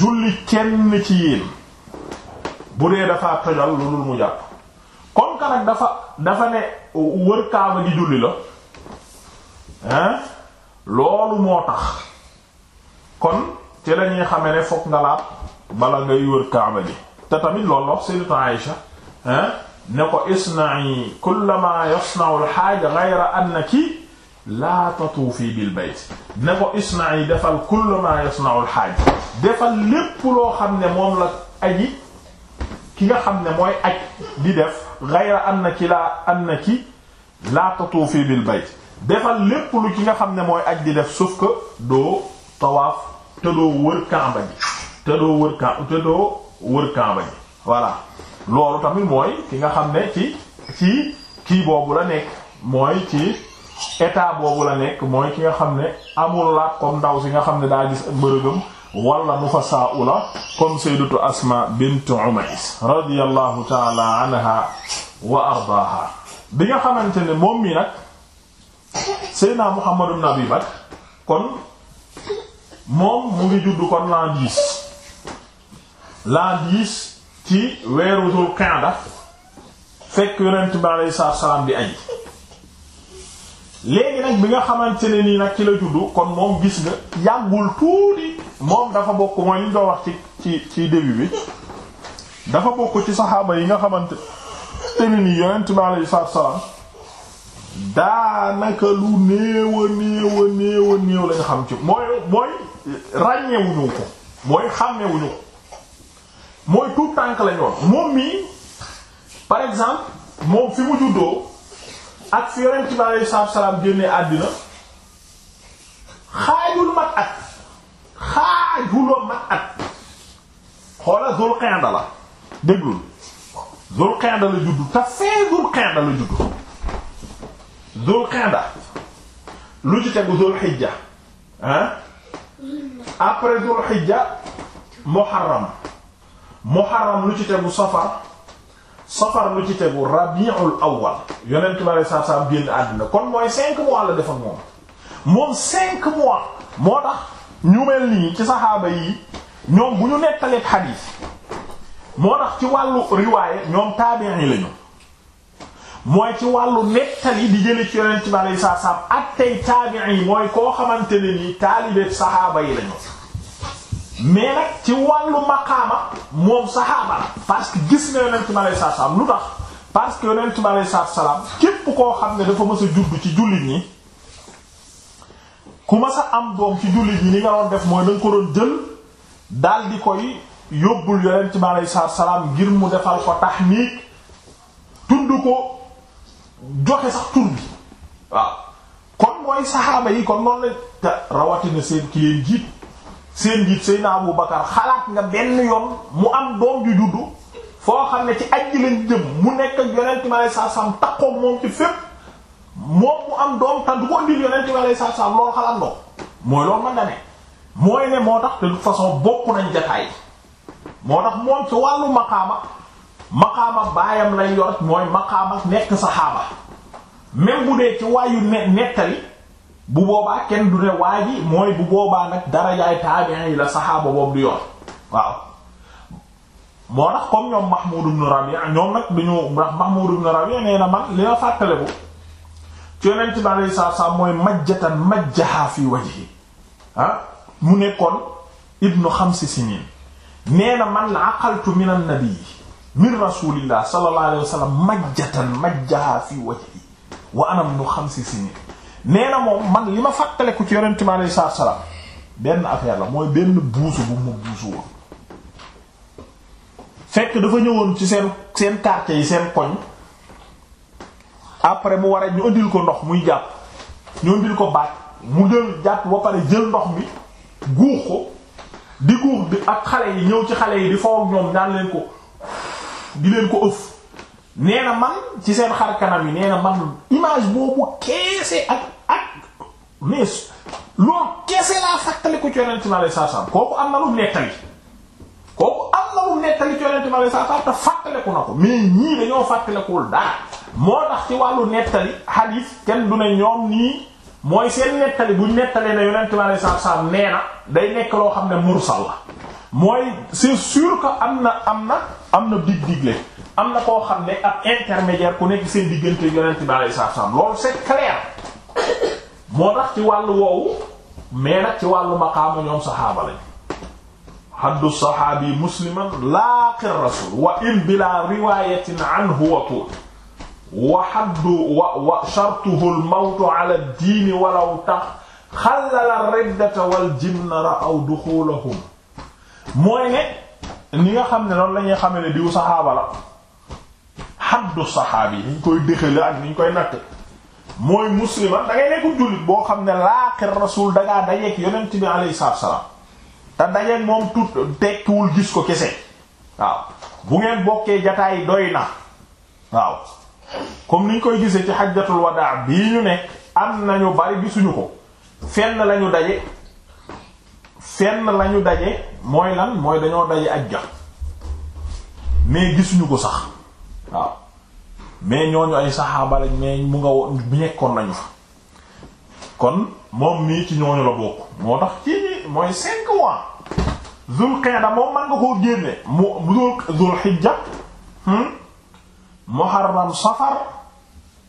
julli kenn ci yéen bu dee dafa tojal lu dul mu jàpp kon ka dafa dafa ne wër kaaba gi julli la hein loolu moo kon ci la ñuy xamee ne fokk nga laab bala ngay wër kaaba ji te tamit loolu wax sayyidatu Aïsha ne ko isna'i kullama yasna'u al-haaj ghayra annaki laa tatuufi bil bayt ne ko isna'i defal kullama yasna'u al-haaj defal loo xam ne moom la aji ki nga xam ne mooy aj di def ghayra annaki laa annaki laa tatuufi bil bayt defal lépp lu ci nga xam ne mooy aj di def sauf que doo tawaaf te doo wër kamba ji te doo wër kamba ji voilà loolu tamit mooy ki nga xam ne ci ci kii boobu la nekk mooy ci état boobu la nekk mooy ki nga xam ne amul laat kom ndaw si nga xam ne daa gis mbërëgam wala mu fa saa ula comme sayyidatu Asma bint Umays radiyallahu taala wa ardaaha bi nga xamante ne moom mi nag Seydina Muhammad ibn Abi Bakr kon moom mu ngi juddu kon l'an dix l'an ci weeru Dul Qa'da fekk yonent bi alayhi salaam di aji léegi nag bi nga xamante ne nii nag ci la juddu kon moom gis nga yàggul tuuti moom dafa bokk mooy li doo wax ci ci ci début bi dafa bokk ci saxaaba yi nga xamante ne nii yonent bi alayhi salaam daanaka lu néew a néew a néew a néew xam ci mooy mooy ràññewuñu ko mooy xàmmewuñu ko mooy tout tànk lañ moom mii par exemple moom fi mu juddoo ak fi Yonent bi aleyhi salaatu wa salaam génne àddina xaajul mat at xaajuloo mat at xoola Zul Qa'da la déglul Zul Qa'da la juddu te fee Zul Qa'da la juddu Dul Qa'da lu ci tegu Dul Hijja ah après Dul Hijja Muharram Muharram lu ci tegu Safar Safar lu ci tegu Rabi'ul Awwal yonent ma lay saa saa génn àddina kon mooy cinq mois la def ak moom moom cinq mois moo tax ñu mel nii ci saxaaba yi ñoom bu ñu nettalee xadiis moo tax ci wàllu riwaaye ñoom taabi'i lañu mooy ci wàllu nettali di jële ci yonent bi alayhi salaatu salaam ak tey taabi'i mooy koo xamante ne nii taalibe saxaaba yi lañu mais nag ci wàllu maqaama moom saxaaba la parce que gis na yonent bi salaam lu tax parce que yonent bi alayhi salaatu salaam képp koo xam ne dafa mës a judd ci jullit ñi ku mës a am doom ci jullit ñi li nga doon def mooy da ko doon jël daal di koy yóbbul yonent bi alayhi salaam ngir mu defal ko tahnik tudd ko. joxe sax tur bi waaw kon mooy saxaaba yi kon noonu lañ te rawatina seen ki leen jiit seen jiit Seydina Abu Bakar xalaat nga benn yoon mu am doom ju juddu foo xam ne ci ajji lañ jëm mu nekk ak yonent mi alayhi salaam takkoog moom ci fépp moom mu am doom te du ko indil yonent mi alayhi salaam loolu xalaat noo mooy loolu mën na ne mooy ne moo tax de toute façon bokk nañ jataay moo tax moom ci wàllu maqaama maqaama baayam lay yor mooy maqaama nekk saxaaba même bu dee ci waayu nettali bu boobaa kenn du ne waa mooy bu boobaa nag darajaay taabi'i yi la saxaaba boobu du yor waaw moo tax comme ñoom Mahmoud ibn Rabi'a ñoom nag dañu ndax Mahmoud ibn Rabi'a nee man li ma fàttale bu ci yonent bi alayhi salaatu salaam mooy majjatan majjaha fi wajhi ah mu nekkoon ibnu xamsi siniin nee na man la aqaltu min an-nabi min rasulillah sallallahu alayhi wa sallam majjatan majjaha fi wajhi wa anam nu si sinin nee na moom man li ma fàttaleku ci yonente mi alayhi salaam benn affaire la mooy benn buusu bu mu buusu woon fekk dafa ñëwoon ci seen seen quartier yi seen koñ après mu war a ñu indil ko ndox muy jàpp ñu indil ko baat mu jël jàpp ba pare jël ndox bi guux ko di guux bi ak xale yi ñëw ci xale yi di foofu ñoom ñaan leen ko di leen ko ëf nee man ci seen xar yi nee na man image boobu keese ak ak mais loolu keese laa fàttali ko ci yonent mi alayhi kooku am na lu nettali kooku am na lu nettali ci yonent mi alayhi salaam te fàttaliku na ko mais ñii dañoo fàttalikuwul dara moo tax ci wàllu nettali hadith kenn du ne ñoom nii mooy seen nettali bu nettalee ne yonent mi alayhi salaam na day nekk loo xam ne mursal la. mooy c'est sûr que am na am na am na dig digle am na koo xam ne ab intermédiaire ku nekk seen diggante yonent bi alayhi salaam loolu c'est clair moo tax ci wàllu woowu mais nag ci wàllu maqaama ñoom saxaaba lañ haddu saxaabi musliman laaqir rasul wa in bila riwayatin anhu wa tuut wa haddu wa wa shartuhu al mawtu ala ad-diin walaw tax xallala riddata wal jinna ra'aw duxulahum mooy ne ni nga xam ne noonu lañuy ñuy ne diw saxaaba la xaddu saxaabi yi niñ koy déxale ak niñ koy natt mooy musliman da ngay jullit boo xam ne laaqir rasul da ngaa dajeek yonent bi alayhi salaatu wa salaam te dajeek moom tut tekkiwul gis ko kese waaw bu ngeen bokkee jataay doy na waaw comme niñ koy gisee ci xajjatul wadaa bi ñu nekk am nañu bari gisuñu ko fenn lañu daje fenn lañu daje mooy lan mooy dañoo daje ajja mais gisuñu ko sax waaw mais ñooñu ay saxaaba lañ mais mu nga woon nekkoon nañu fa kon moom nii ci ñooñu la bokk moo tax ci mooy cinq mois zul qa'da moom man nga koo génne mu zul hijja hmm? muharram safar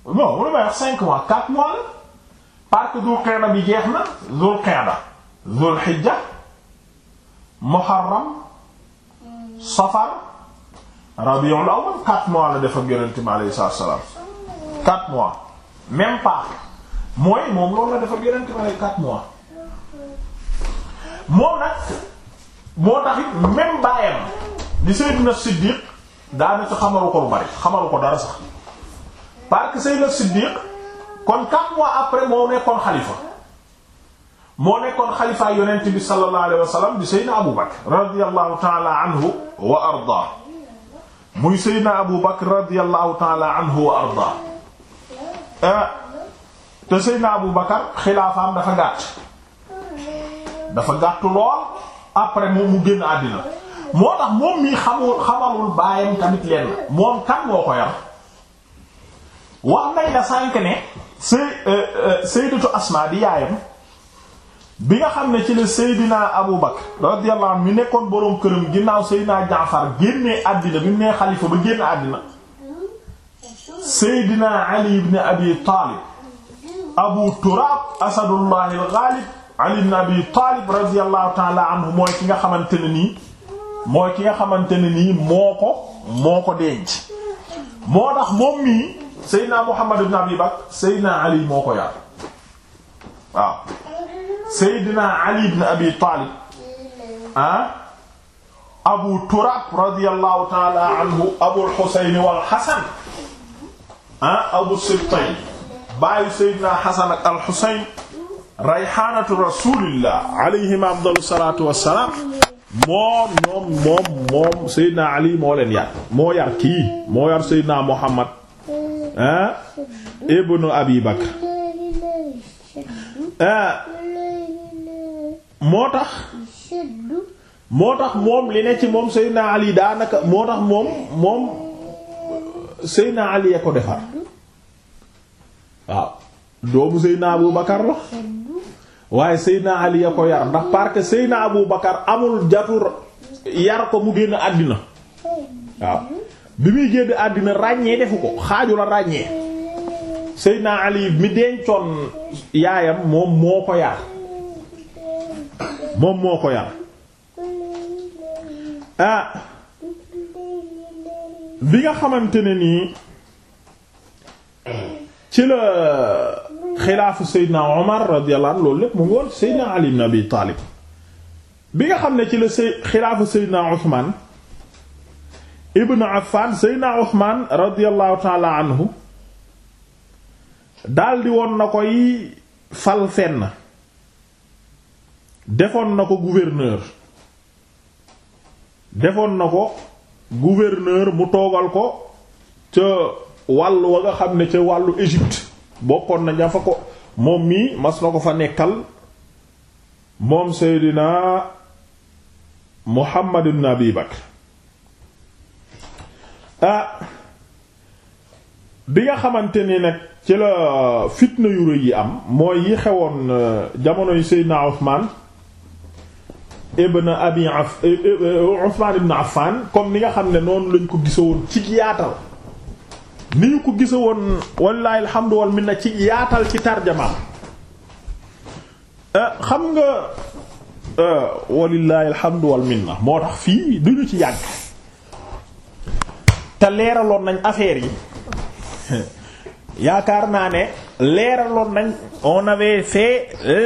non mu ne may wax cinq mois quatre mois que zul qa'da bi jeex na zul qa'da zul xijja muharram safar rabiul awwal quatre mois la def ak yonent bi aleyhi salaatu salaam quatre mois même pas mooy moom loolu la def ak yonent bi aleyhi quatre mois moom nag moo tax it même baayam di Seydina Siddiq daanaka xamalu ko lu bari xamalu ko dara sax parce que Seydina Siddiq kon quatre mois après moo nekkoon xalifa moo nekkoon xalifaay yonent bi sallallahu alayhi wa sallam di Seydina Abu Bakr radiyallahu ta'ala anhu wa ardaa muy Seydina Abu Bakr radiyallahu ta'ala anhu wa ardaa eh, te Seydina Abu Bakr xilaafaam dafa gàtt dafa gàtt lool après moom mu génn àddina moo tax moom mii xamul xamalul baayam tamit leen moom kan moo ko yar wax nañ la sànk ne euh, euh, Sayyidatu Asmaa di yaayam bi nga xam ne ci la Seydina Abu Bakr radiyallahu anhu mi nekkoon boroom këram ginnaaw Seydina Jaafar génnee àddina bi mu nee xalifa ba génn àddina Seydina Ali ibn Abi Taalib Abu Turaab Asadullahi al-Ghaalib Ali ibn Abi Taalib radiyallahu ta'ala anhu mooy ki nga xamante ne nii mooy ki nga xamante ne nii moo ko moo ko denc moo tax moom mii Seydina Muhammad ibn Abi Bakr Seydina Ali moo ko yar waaw Seydina Ali ibn Abi Taalib ah Abu Turaab radiyallahu taala anhu Abul Husayn wal Hasan ah Abu Sibtayn baayu Seydina Hasan ak Al Husayn rayhaanatu rasulillah alayhima afdalu salaatu wassalaam moom moom moom moom Seydina Ali moo leen yar moo yar kii moo yar Seydina Muhammad ah ibnu Abi Bakr ah moo tax moo tax moom li ne ci moom naa Ali daanaka moo tax moom moom Seydina Ali a ko defar waaw doomu Seydina Abu Bakar la waaye Seydina Ali a ko yar ndax parce que Seydina Abu Bakar amul jatur yar ko mu génn àddina waaw bi muy génn àddina ràññee defu ko xaaju la ràññee Seydina Ali mi dencoon yaayam moom moo ko yar moom moo ko yar ah, bi nga xamante ne nii ci la xilaafu Seydina Omar radiyallahu anhu loolu lépp mu ngi woon Seydina Ali ibn Abi Taalib bi nga xam ne ci la Sey xilaafu Seydina Ousmane Ibn Affan Seydina Ousmane radiyallahu taala anhu daldi woon na koy fal fenn. defoon na ko gouverneur defoon na ko gouverneur mu toogal ko ca wàll wa nga xam ne ca wàllu Égypte bokkoon na ña ko moom mii mas na ko fa nekkal moom Seydina Muhammad ibn Abi Bakr ah bi nga xamante ni nag ci la fitna yu rëy yi am mooy yi xewoon euh, jamonoy Seydina Usmaan ibn abi af eh, eh, eh, Usmaan ibn Affaan comme ni nga xam ne noonu lañ ko gisawoon ci yaatal ni ñu ko gisawoon wallaahi alhamdu wal minna ci yaatal ci tarjamaam xam nga wallaahi alhamdu wal moo tax fii duñu ci yàgg te leeraloon nañ affaire yi yaakaar naa ne leeraloon nañ on avait fait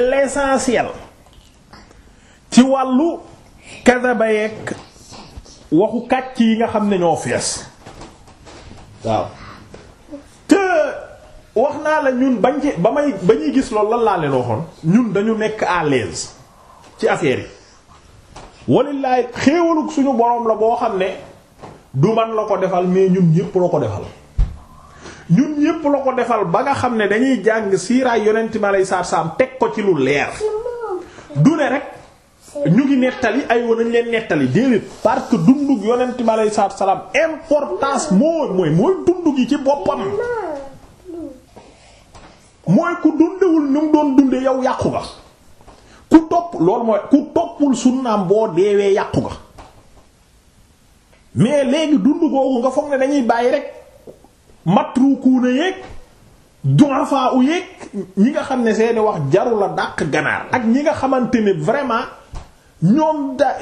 l'essentiel ci wàllu kadaba yeeg waxu kàcc yi nga xam ne ñoo fees waaw te wax naa la ñun bañ ci ba may ba ñuy gis loolu lan laa leen waxoon ñun dañu nekk à l'aise ci affaire yi walilaay xéewalug suñu borom la boo xam ne du man la ko defal mais ñun ñépp la ko defal ñun ñépp la ko defal ba nga xam ne dañuy jàng siiraay yonent mi aleyhi salaatu salaam teg ko ci lu leer du ne rek ñu ngi nettali ay woon nañ leen nettali déedéet parce que dundug yonent bi aleyhi salaam importance moo mooy mooy dundug yi ci boppam mooy ku dundewul ni mu doon dunde yow yàqu nga ku topp loolu mooy ku toppul sunnaam boo deewee yàqu nga mais léegi dund googu nga foog ne dañuy bàyyi rek matrukuuna yeeg du'afa u yéeg ñi nga xam ne seeni wax jaru la dàq ganaar ak ñi nga xamante ne vraiment ñoom da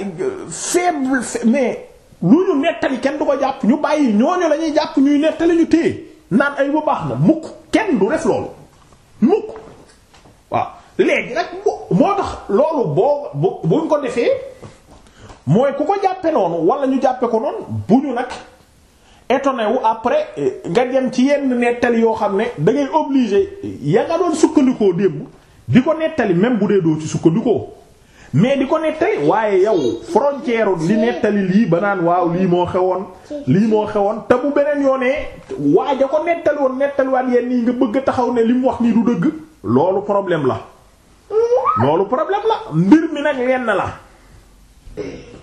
faible mais lu ñu nettali kenn du ko jàpp ñu bàyyi ñooñu la ñuy jàpp ñuy nettali ñu téye naan ay bu baax na mukk kenn du def loolu mukk waaw léegi nag moo tax loolu boo buñ ko defee mooy ku ko jàppe noonu wala ñu jàppe ko noonu bu ñu nag étonné wu après eh, nga dem ci yenn nettali yoo xam ne da ngay obligé ya nga doon sukkandikoo démb di ko nettali même bu dee doo ci sukkandikoo mais di ko nettali waaye yow frontière li nettali lii ba naan waaw lii moo xewoon lii moo xewoon te mu beneen yoon yoonee waaja ko nettali woon nettaliwaat yenn yi nga bëgg a taxaw ne li mu wax nii du dëgg loolu problème la loolu problème la mbir mi nag lenn la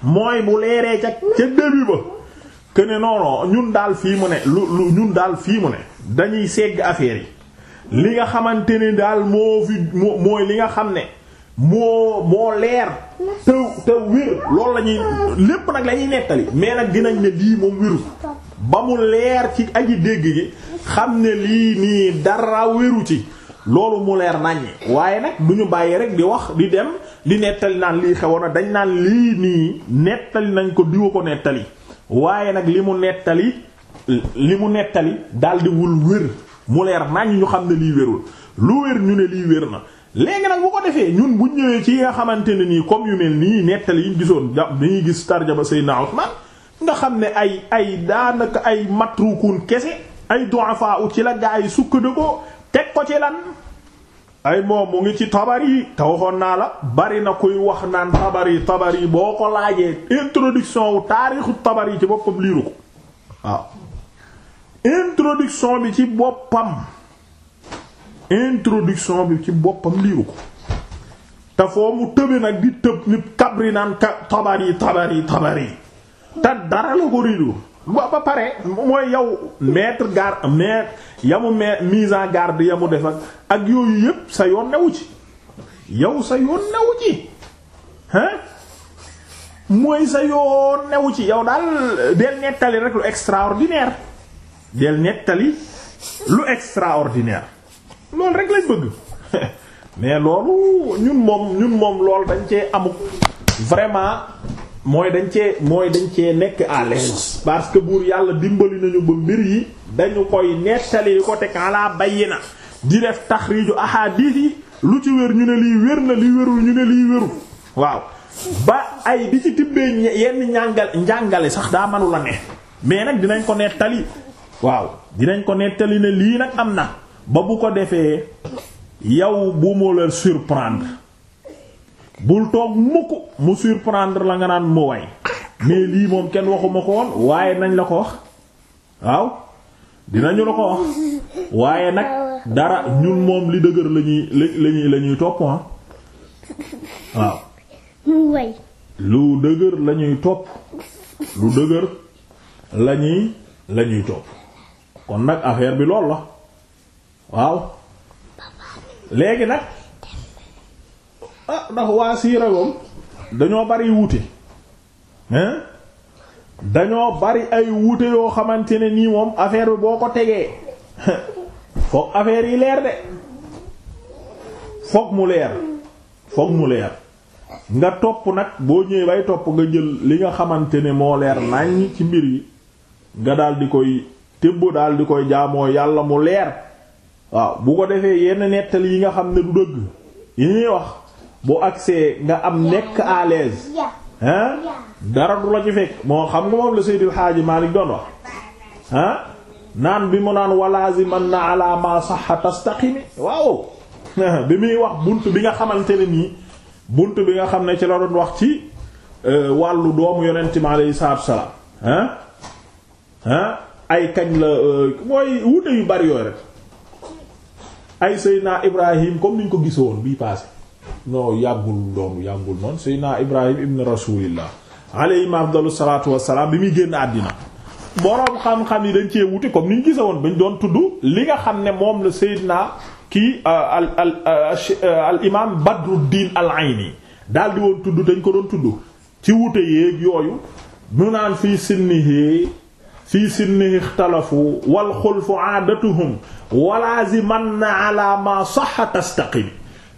mooy mu leeree ca ca début ba que ne ñun daal fii mu ne lu lu daal fii mu ne dañuy segg affaire yi li nga xamante ne daal moo fi mooy li nga xam ne moo moo leer te te wér loolu la lépp nag la nettali mais nag dinañ ne lii moom wéru ba mu leer ci aji dégg gi xam ne lii nii dara wéru ci loolu mu leer nàññ waaye nag du ñu bàyyi rek di wax di dem li nettali naan lii xewoon na dañ naan lii nii nettali nañ ko diwa ko nettali waaye nag li mu nettali li mu nettali daldi wul wér mu leer naññ ñu xam ne lii wérul lu wér ñu ne lii wér na léegi nag bu ko defee ñun bu ñëwee ci nga xamante ne nii comme yu mel nii nettali yi ñu gisoon ja dañuy gis tarjaba Seydina Usman nga xam ne ay ay daanaka ay matrukun kese ay du'afa ci la gaa yi sukkandiku teg ko ci lan. ay moom mu ngi ci tabari te waxoon naa la bari na kuy wax naan tabari tabari boo ko laajee introduction wu taarixu tabari ci boppam liiru ko waaw introduction bi ci boppam. introduction bi ci boppam liiru ko te mu tëbe nag di tëb ni kabri naan ka tabari tabari tabari dara la ko riiru ba ba mooy yow mettre garde mettre yamu mettre mise en garde yamu def defak ak yooyu yépp sa yoon newu ci yow sa yoon newu ci hein mooy sa yoon newu ci yow daal del nettali rek lu extraordinaire del nettali lu extraordinaire loolu rek lañ bëgg mais loolu ñun moom ñun moom lool dañ cee amuk vraiment mooy dañ cee mooy dañ cee nekk à l'aise parce que buur yàlla dimbali nañu ba mbir yi dañu koy nettali di ko teg ala bayyi na di def taxriiju ahadis yi lu ci wér ñu ne lii wér na lii wérul ñu ne lii wérul waaw ba ay di ci tibbee yenn njàngale njàngale sax daa la ne mais nag dinañ ko nettali waaw dinañ ko nettali ne lii nag am na ba bu ko defee yow bu mu la surprendre bul toog mukk mu surprendre la nga naan mu way mais lii moom kenn waxuma ko waaye nañ la ko wax waaw dinañu la ko wax waaye nag dara ñun moom li dëgër lañuy lañuy topp ah. waaw lu dëgër lañuy topp lu dëgër lañuy lañuy topp kon nag affaire bi lool la waaw léegi nag ah ndax waa siira moom dañoo bari wuute dañoo bari ay wuute yoo xamante ne nii moom affaire bi boo ko tegee fokk affaire yi leer de fokk mu leer fokk mu leer nga topp nag boo ñëwee bay topp nga jël li nga xamante ne moo leer nañ ci mbir yi nga daal di koy tibb daal di koy jaamoo yàlla mu leer waaw bu ko defee yenn nettali yi nga xam ne du dëgg yi ñuy wax bu agsee nga am nekk à l'aise hein dara du la ci fekk moo xam nga moom la Seydil Haaji Maalik doon wax hein naan bi mu naan man na ala ma sahha tastaqimi waaw bi muy wax bunt bi nga xamante ne nii bunt bi nga xam ne ci la doon wax ci euh, wàllu doomu yonent mi alayhi salaatu salaam ay kañ la euh, mooy wuute yu bari yooyu rek ay Seydina Ibrahim comme ni ñu ko gisoon bii passé non yàggul doon yàggul noonu Seydina Ibrahim ibn rasulillah alayhi afdalu salaatu wassalaam bi muy génn àddina boroom xam-xam yi dañ cee wuti comme ni ñu gisoon bañ doon tudd li nga xam ne moom la Seydina kii euh, al al euh, al imaam Badruddin al Ayni daal di woon tudd dañ ko doon tudd ci wute yeeg yooyu mu naan fii sinnihi fii sinnihi ixtalafu wal xulfu aadatuhum walaazimanna ala ma saxa tastaqim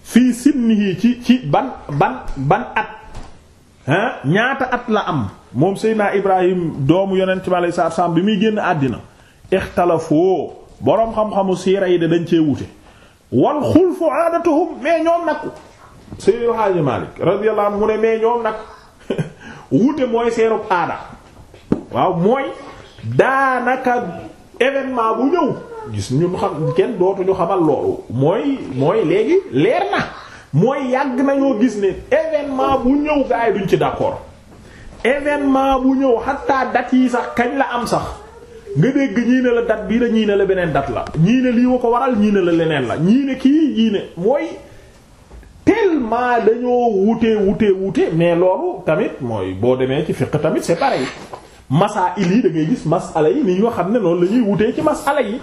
fii sinnihi ci ci ban ban ban at ah ñaata at la am moom Seydina Ibrahim doomu yonent bi alayhi salaatu salaam bi muy génn àddina ixtalafu boroom xam-xamu siira yi de dañ cee wute wal xulfu aadatuhum mais ñoom nag Seydi Haaji Maalik radiyallahu mu ne mais ñoom nag wute mooy seerub aada waaw mooy. daanaka événement bu ñëw gis ñun xam kenn ñu xamal loolu mooy mooy léegi leer na mooy yàgg nañoo gis ne événement bu ñëw gaa duñ ci d'accord événement bu ñëw xataa date yi sax kañ la am sax nga dégg ñii ne la date bii la ñii ne la beneen date la ñii ne lii wa ko waral ñii la leneen la ñii ne kii ñii ne mooy tellement dañoo wute wute wute mais loolu tamit mooy boo demee ci fiq tamit c'est pareil masaa il yi da ngay gis masala yi ni ñoo xam ne noonu la ñuy wutee ci masala yi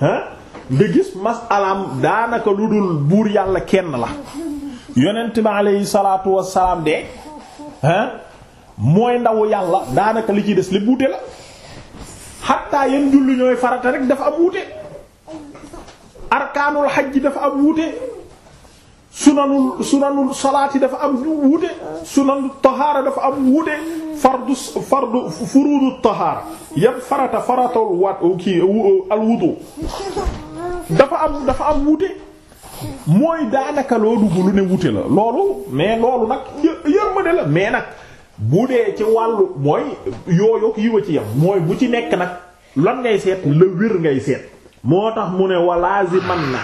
ah nga gis masalaam daanaka lu dul buur yàlla kenn la yonent bi aleyhi salaatu wassalaam de ah mooy ndawu yàlla daanaka li ci des lépp wute la xatta yeen julli ñooy farata rek dafa am wute arkaanul xaj dafa am wute sunanul sunanul salaati dafa am wute sunanul tahaara dafa am wute fardu fardu furuudu tahaara yan farata faratal waat kii al wudu dafa am dafa am wuute mooy daanaka loo dugg lu ne wuute la loolu mais loolu nag yërmande la mais nag bu dee ci wàllu mooy yooyu yiwa ci yam mooy bu ci nekk nag lan ngay seet la wér ngay seet moo tax mu ne man na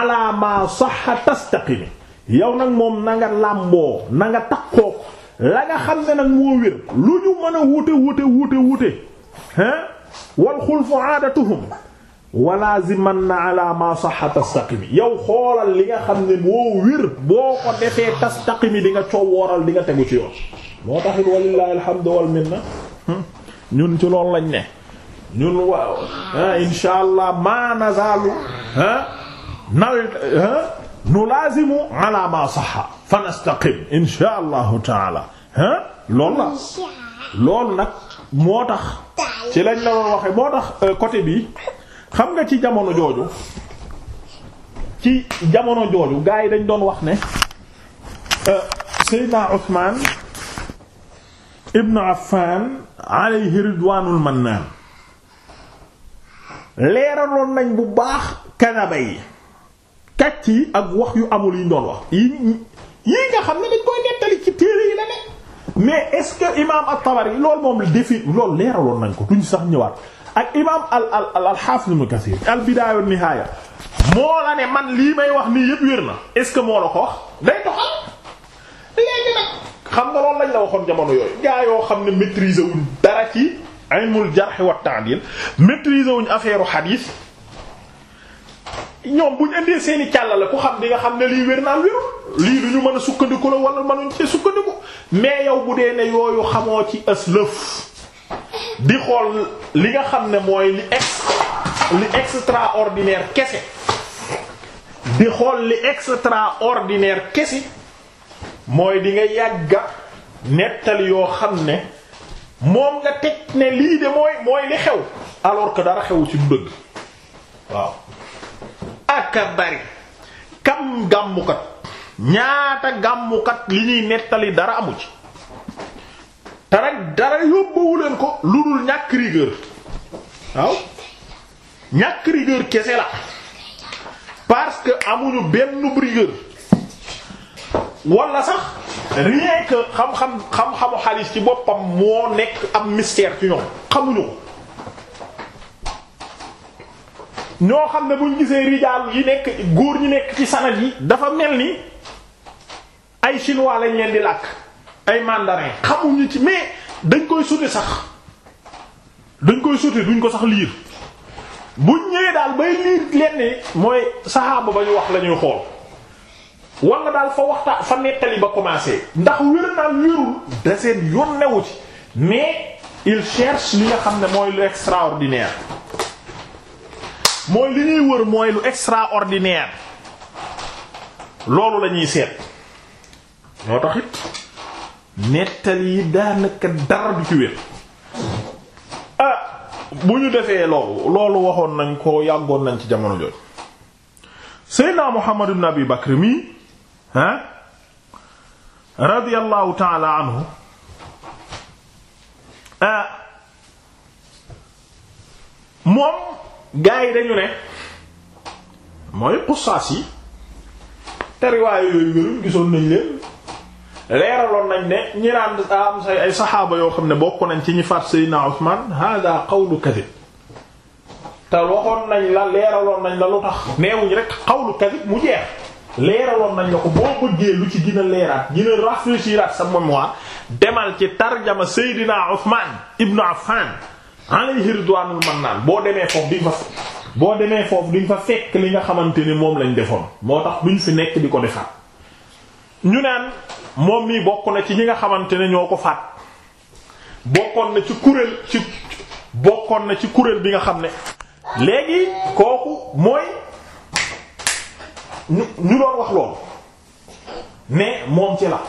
ala ma saxa tastaqimi yow nag moom nanga nga làmboo na nga takkoo la nga xam ne nag moo wér lu ñu mën a wute wute wute wute hein wal xulfu aadatuhum wala ziman na ala ma sahata staqimi yow xoolal li nga xam ne moo wér boo ko defee tas taqimi di nga coow wooral di nga tegu ci yoon moo taxit walillahi alhamdu wal minna hmm? ñun ci loolu lañ ne ñun waaw insha allah ma nazalu ha nal ha nulazimu ala ma saha fanastaqim insha allahu taala ah loolu la loolu nag moo tax ci lañ la doon waxe moo tax euh, côté bii xam nga ci jamono jooju ci jamono jooju gars yi dañ doon wax ne euh, Seydina Usmaan ibn Affan alayhi ridwanul mannaan leeraloon nañ bu baax kanaba yi kàcc yi ak wax yu amul yi doon wax yii nga xam ne dañ koy nettali ci téere yi la ne mais est-ce que imam at-Tabari lool moom defi loolu leeraloon nañ ko duñ sax ñëwaat ak imam al al al al-Hafiz Ibn Kathir al-Bidaya wa an moo la man lii may wax nii yëpp wér na est-ce que moo la ko wax day doxal xam nga loon lañ la waxoon jamono yooyu gaa yoo xam ne maîtriser wuñ dara ci ilmul jarh wa ta'dil maîtriser wuñ affaire hadith ñoom bu buñ indee seeni càlla la ku xam di nga xam ne lii wér naan wérul lii lu ñu mën a sukkandiku la wala mënuñ ci sukkandiku mais yow bu dee ne yooyu xamoo ci aslëf di xool li nga xam ne mooy li ex extraordinaire kese di xool li extraordinaire kesi mooy di nga yàgga nettali yoo xam ne moom nga teg ne lii de mooy mooy li xew alors ko dara xewu ci du dëgg waaw aka bari kam gàmmukat ñaata gàmmukat li ñuy nettali dara amu ci te rek dara yóbbawuleen ko lu dul ñàkk rigueur waaw ñàkk rigueur kese la parce que amuñu benn rigueur wala sax rien que xam-xam xam-xamu xaalis ci boppam moo nekk am mystère ci ñoom xamuñu ko ñoo xam ne buñ gisee rijaal yi nekk góor ñi nekk ci sanad yi dafa mel ni ay chinois ñeen di làkk ay mandarin xamuñu ci mais dañ koy sute sax dañ koy sute duñ ko sax liir buñ ñëwee daal bay liir lenn mooy saxaaba ba ñu wax la xool walla daal fa waxtaan fa nettali ba commencé ndax wér naa wérul da seen yoon newu ci mais il cherche li nga xam ne mooy l'extraordinaire mooy li ñuy wër mooy lu extraordinaire loolu la ñuy seet ñoo tax it nettali yi daanaka dara du ci ah, bu ñu defee loolu loolu waxoon nañ ko yàggoon nañ ci jamono jooju Seydina Muhammad ibn Abi Bakr mi ah radiyallahu taala anhu ah, moom gaa yi dañu ne mooy xusaas yi te riwaaye yooyu wéruñ gisoon nañ leen leeraloon nañ ne ñi naan am ay saxaaba yoo xam ne bokk nañ ci ñi faat Seydina Usmaan hada qawlu kadib te waxoon nañ la leeraloon nañ la lu tax neewuñ rek qawlu kadib mu jeex leeraloon nañ la ko boo bëggee lu ci gën a leeraat gën a rafraîchiraat sa mémoire demal ci tarjama Seydina Usmaan ibnu Affaan alayhi ridwaanul mannaan boo demee foofu di nga boo demee foofu di nga fa fekk li nga xamante ni moom lañ defoon moo tax duñ fi nekk di ko defaat ñu naan moom mii bokk na ci ñi nga xamante ne ñoo ko faat bokkoon na ci kuréel ci bokkoon na ci kuréel bi nga xam ne léegi kooku mooy ñu ñu doon wax loolu mais moom ci la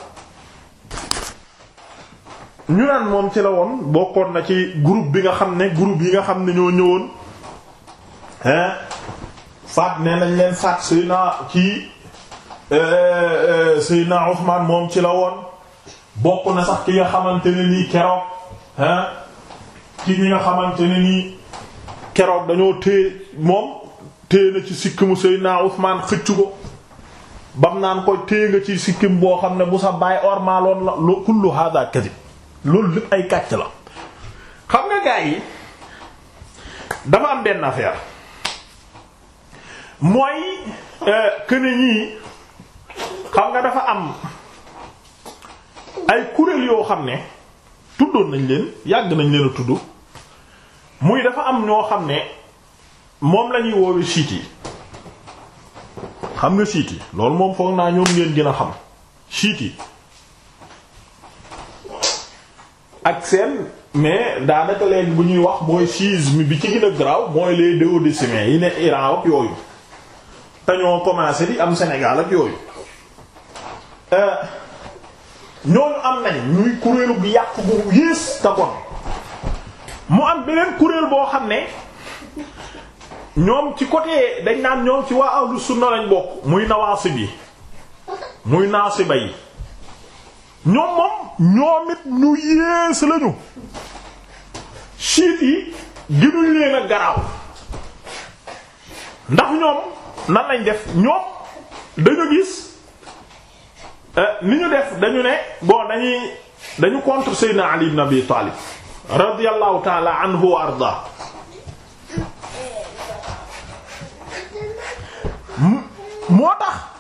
ñu naan moom ci la woon bokkoon na ci groupe bi nga xam ne groupe yi nga xam ne ñoo ñëwoon hein faat ne leen faat Seydina kii euh, euh, Seydina Ousmane moom ci la woon bokk na sax ki nga xamante ne nii keroog hein ki nga xamante ne nii keroog dañoo téye moom téye na ci sikkimu Seydina Ousmane xëcc ko bam naan ko téye nga ci sikkim boo xam ne bu sa baay ormaaloon la lu kullu hada kadib loolu lépp ay kàcc la xam nga gars yi dafa am benn affaire mooy këne euh, ñii xam nga dafa am ay kuréel yoo xam ne tuddoon nañ leen yàgg nañ leen a tudd muy dafa am ñoo xam ne moom la ñuy woowe siit yi xam nga siit yi loolu moom foog naa ñoom ngeen gën a xam siit yi ak seen mais daanaka léegi bu ñuy wax mooy mi bi ci gën a graw mooy les duodécimains yi ne Iran ak yooyu te ñoo commencé di am Sénégal ak yooyu euh, ñooñu am nañ ñuy kuréelu bi yàq bu yées te bon mu am beneen kuréel boo xam ne ñoom ci côté dañ naan ñoom ci waa ahlu sunna lañ bokk muy nawaasib bi muy naasiba yi ñoom moom ñoom it ñu yées lañu siit yi ginuñ leen a garaaw ndax ñoom nan lañ def ñoom dañu gis euh, ni ñu def dañu ne bon dañuy dañu contre Seydina Ali ibn Abi Talib radiyallahu ta'ala anhu wa moo tax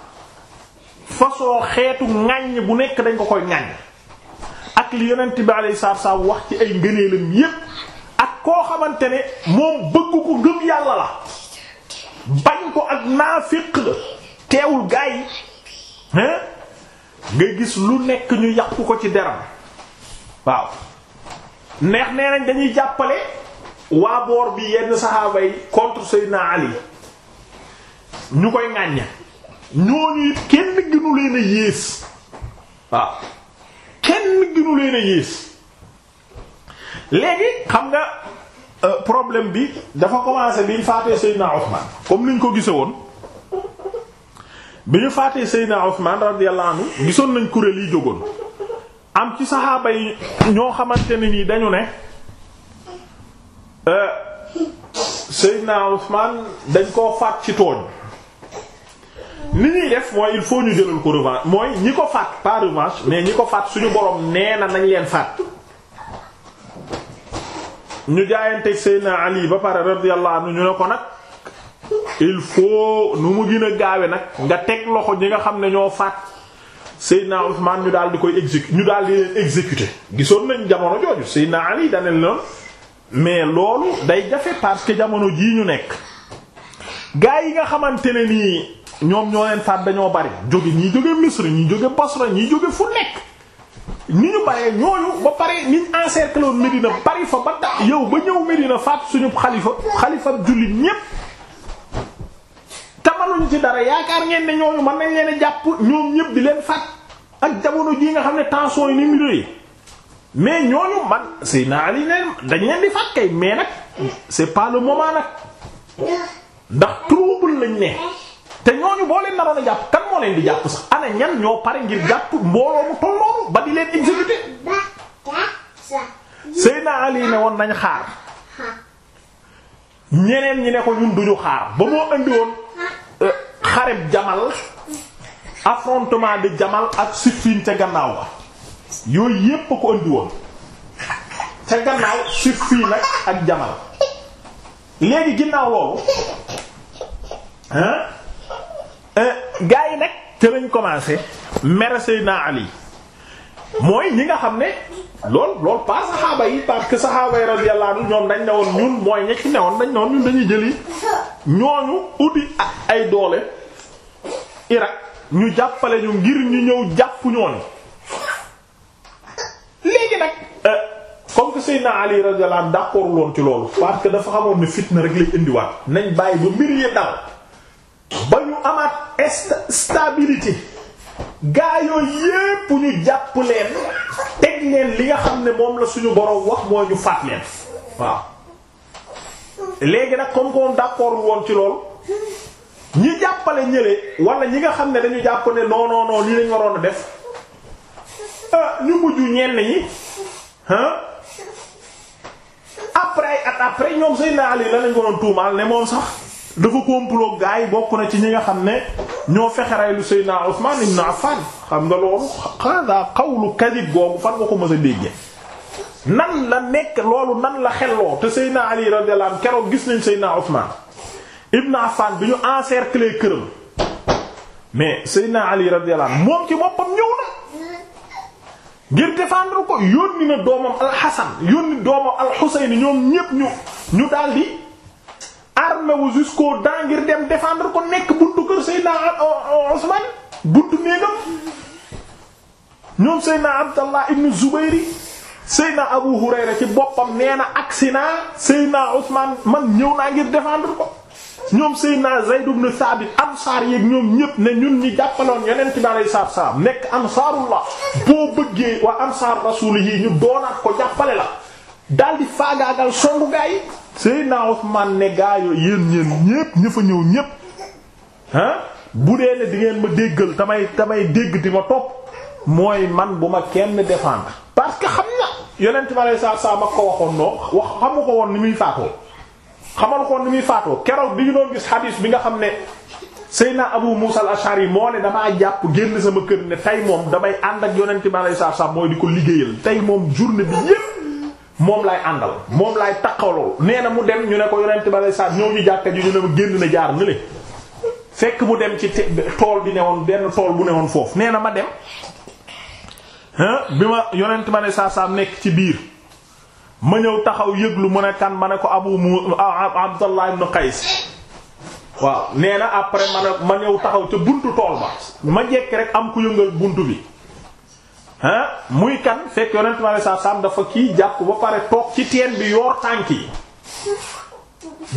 façon xeetu ŋàññ bu nekk dañ ko koy ŋàññ ak li yonent bi alayhi salaatu wasallam wax ci ay ngëneelam yépp ak koo xamante ne moom bëgg ko gëm yàlla la bañ ko ak naafiq la teewul gaa yi nga gis lu nekk ñu yàq ko ci deram waaw neex nee nañ dañuy jàppale waa boor bi yenn saxaaba yi contre Seydina Ali ñu koy ŋàññ ñooñu it kenn gënu leen yées waaw kenn gënu leen yées léegi xam nga euh, problème bi dafa commencé bi ñu faatee Seydina Ousmane comme niñ ko gise woon bi ñu faatee Seydina Ousmane radiyallahu anhu gisoon nañ kuréel yi jógoon am ci saxaaba yi ñoo xamante ne nii dañu ne euh, Seydina Ousmane dañ koo faat ci tooñ li ñuy def mooy il faut ñu jëlal ko revanche mooy ñi ko faat pas revanche mais ñi ko faat suñu borom nee na nañ leen faat ñu jaayanteeg Seydina Ali ba pare radiyallahu anhu ñu ne ko nag il faut nu mu gën a gaawe nag nga teg loxo ñi nga xam ne ñoo faat Seydina Ousmane ñu daal di koy exécuter ñu daal di leen gisoon nañ jamono jooju Seydina Ali da leen noonu mais loolu day jafe parce que jamono jii ñu nekk gaa yi nga xamante ne nii. ñoom ñoo leen faat dañoo bari jóge ñii jóge Misr ñii jóge Basra ñii jóge fu nekk ni ñu baree ñooñu ba pare niñ encerclé woon Médina bari fa ba da yow ba ñëw Médina faat suñu xalifa xalifa jullit ñépp tamaluñ ci dara yaakaar ngeen ne ñooñu mën nañ leen jàpp ñoom ñépp di leen faat ak jamono jii nga xam ne tension yi ni mu rëy mais ñooñu man Seydina Ali ne dañ leen di faat kay mais nag c'est pas le moment nag ndax trouble lañ ne te ñooñu boo leen naroon a jàpp kan moo leen di jàpp sax ana ñan ñoo pare ngir jàpp mbooloo mu tolloonu ba di leen exécuter Seydina Ali ne woon nañ xaar ñeneen ñi ne ko ñun duñu xaar ba moo indi woon euh, xareb Jamal affrontement de Jamal ak Siffin ca gannaaw ba yooyu yépp a ko indi woon ca gannaaw Siffin nag ak Jamal léegi ginnaaw loolu hein Euh, gaa yi nag te lañ commencé mere Seydina Ali mooy ñi nga xam ne lool lool pas saxaaba yi parce que saxaaba yi radiyallahu ñoom dañ ne woon ñun mooy ña ci newoon dañ ne woon ñun dañuy jëli ñooñu ak ay doole Irak ñu jàppale ñu ngir ñu ñëw jàpp ñooñu léegi nag euh, comme que Seydina Ali radiyallahu anhu ci loolu parce que dafa xamoon ne fitna rek lay indiwaat nañ bàyyi ba mbir yi dal ba ñu amaat stabilité gaa yooyu yépp ñu jàpp leen teg leen li nga xam ne moom la suñu borom wax mooy ñu faat leen waaw léegi nag comme comme d'accord woon ci lool ñi jàppale ñële wala ñi nga xam ne dañu jàpp ne non non non lii lañu waroon a def ah, ñu mujj ñenn ñi ah après at après ñoom naa Ali la lañ ko tuumaal ne moom sax. dafa complot gaa yi bokk na ci ñi nga xam ne ñoo fexe rey lu Seydina Usman ibn Affan xam nga loolu xaaral xawlu kadib googu fan nga ko mës a déggee. nan la nekk loolu nan la xelloo te Seydina Ali radiyallahu keroog gis nañ Seydina Usman ibn Affan bi ñu encercler këram mais Seydina Ali radiyallahu moom ci boppam ñëw na ngir défendre ko yónni na doomam al yónni doomam al ñoom ñépp ñu ñu daldi. armé wu jusqu'aux dents ngir dem défendre ko nekk buntu kër Seydina Usman buntu néegam ñoom Seydina Abdallah ibn Zubayri Abu Hurayra ci boppam nee na agsi naa Seydina Usman man ñëw naa ngir défendre ko ñoom Seydina Zayd ibn Thabit ansaar yeeg ñoom ñépp ne ñun ñi jàppaloon yonent bi alayhi salaatu salaam nekk ansaarullah boo bëggee waa ansaar rasuul yi ñu doonaat ko jàppale la daal di faagaagal songu gaa yi Seydina Usmaan ne gaa yo yéen ñeen ñépp ña fa ñëw ñépp ah bu dee ne di ngeen ma déggal tamay tamay dégg di ma topp mooy man bu ma kenn défendre parce que xam na yonent ma alei saatu salaam ak ko waxoon noo xamu ko woon ni muy faatoo xamal ko woon ni muy faatoo keroog bi ñu doon gis xadiis bi nga xam ne Seydina Abu Musa al-Ash'ari moo ne damaa jàpp génn sama kër ne tey moom damay ànd ak yonent ma alei saatu salaam mooy di ko liggéeyal tey moom journée bi moom laay àndal moom laay taxawloo nee na mu dem ñu ne ko yonent ba lay saa ñoo ñu jàkka ji ñu ne ma génn na jaar na le fekk mu dem ci tool bi ne woon benn tool bu ne woon foofu nee na ma dem bi ma yonent ma ne saa nekk ci biir ma ñëw taxaw yëg lu mu ne kan ma ne ko abu mu abdallah ibn qais waaw nee na après ma ne ma ñëw taxaw ca buntu tool ba ma jekk rek am ku yëngal bunt bi muy kan fekk yonent mi alayhi salaam dafa kii jàpp ba pare toog ci teen bi yoor tànk yi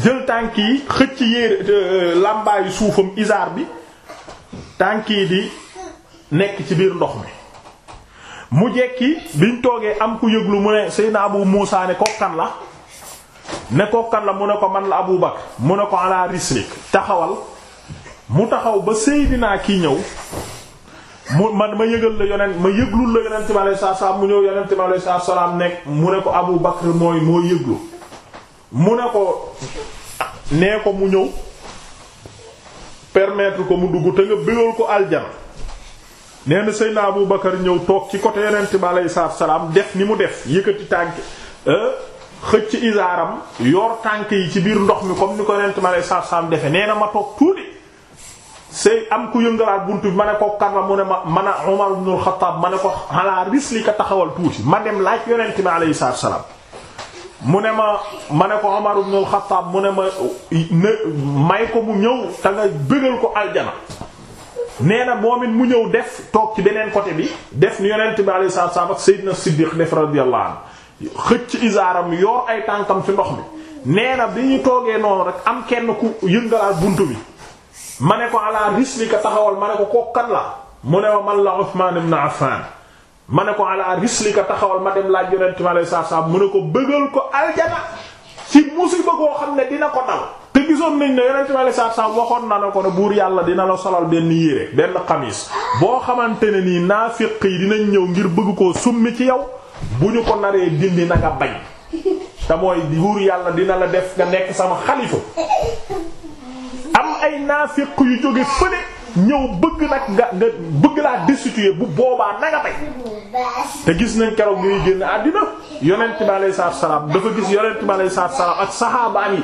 jël tànk yi xëcc yéer euh, euh, làmbaayu suufam isaar bi tànk yi di nekk ci biir ndox mi mu jekki biñ toogee am ku yëglu mu ne Seydina Abu Muusa ne kokkan la ne kokkan la mu ne ko man la Abu Bakr mu ne ko ala rislik taxawal mu taxaw ba Seydina kii ñëw mu man ma yëgal la yonent ma yëglul la yonent bi alayhi salaam mu ñëw yonent bi alayhi salaam nekk mu ne ko Abu Bakr mooy moo yëglu mu ne ko nee ko mu ñëw permettre ko mu dugg te nga bégal ko aljana nee na Seydina Abu Bakr ñëw toog ci côté yonent bi alayhi salaam def ni mu def yëkkati tànk eh, xëcc isaaram yor tànk yi ci biir ndox mi comme ni ko yonent ma alayhi salaam defe nee na ma toog tuuti sëy am ku yëngalaat bunt bi ma ne ko kan la mu ne ma man a Umar ma ne ko ala risli ka taxawal tuuti ma laaj yonent bi alayhi salaatu salaam ne ma ma ne ko Umar ibn al-Khattab mu ne ma may ko mu ñëw te nga bëggal ko aljana nee na moom mu ñëw def toog ci beneen côté bi def ni yonent bi alayhi salaatu salaam ak Seydina Siddiq def radiyallahu anhu xëcc isaaram yor ay tànkam ci ndox mi nee na bi ñu toogee noonu rek am kenn ku yëngalaat bunt bi. ma ne ko ala rislika taxawal ma ne ko kooku kan la mu ne ma man la Usmaan ibn Affaan ma ne ko ala rislika taxawal ma dem laaj yonent mi alayhi salaatu salaam mu ne ko bëggal ko aljana ci musiba koo xam ne dina ko dal te gisoon nañ ne yonent mi alayhi salaatu waxoon na ne ko ne buur yàlla dina la solal benn yére benn xamis boo xamante ne nii naafiq yi dinañ ñëw ngir bëgg koo summi ci yow bu ñu ko naree dindi naka bañ te mooy buur yàlla dina la def nga nekk sama xalifa ay naafiq yu jóge fële ñëw bëgg nag nga nga bëgg laa destituer bu boobaa na nga te gis nañ keroog ngay génn àddina yonent bi alayhi salaatu salaam dafa gis yonent bi alayhi salaatu salaam ak saxaabaam yi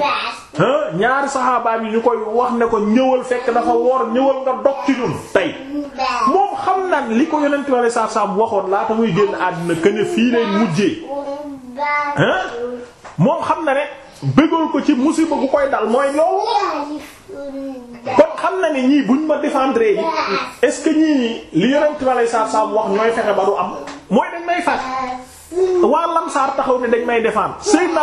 ñaari saxaabaam yi ñu koy wax ne ko ñëwal fekk dafa woor ñëwal nga dog ci ñun tey moom xam na li ko yonent bi alayhi salaatu salaam waxoon laata muy génn àddina que fii lay mujjee moom xam na ne bëggoon ko ci musiba bu koy dal mooy loolu kon xam na ne ñii buñ ma défendre yi est-ce que ñii li yonent bi alayhi salaatu salaam wax ñooy fexe ba du am mooy dañ may faat waa Lamsaar taxaw ne dañ may défendre Seydina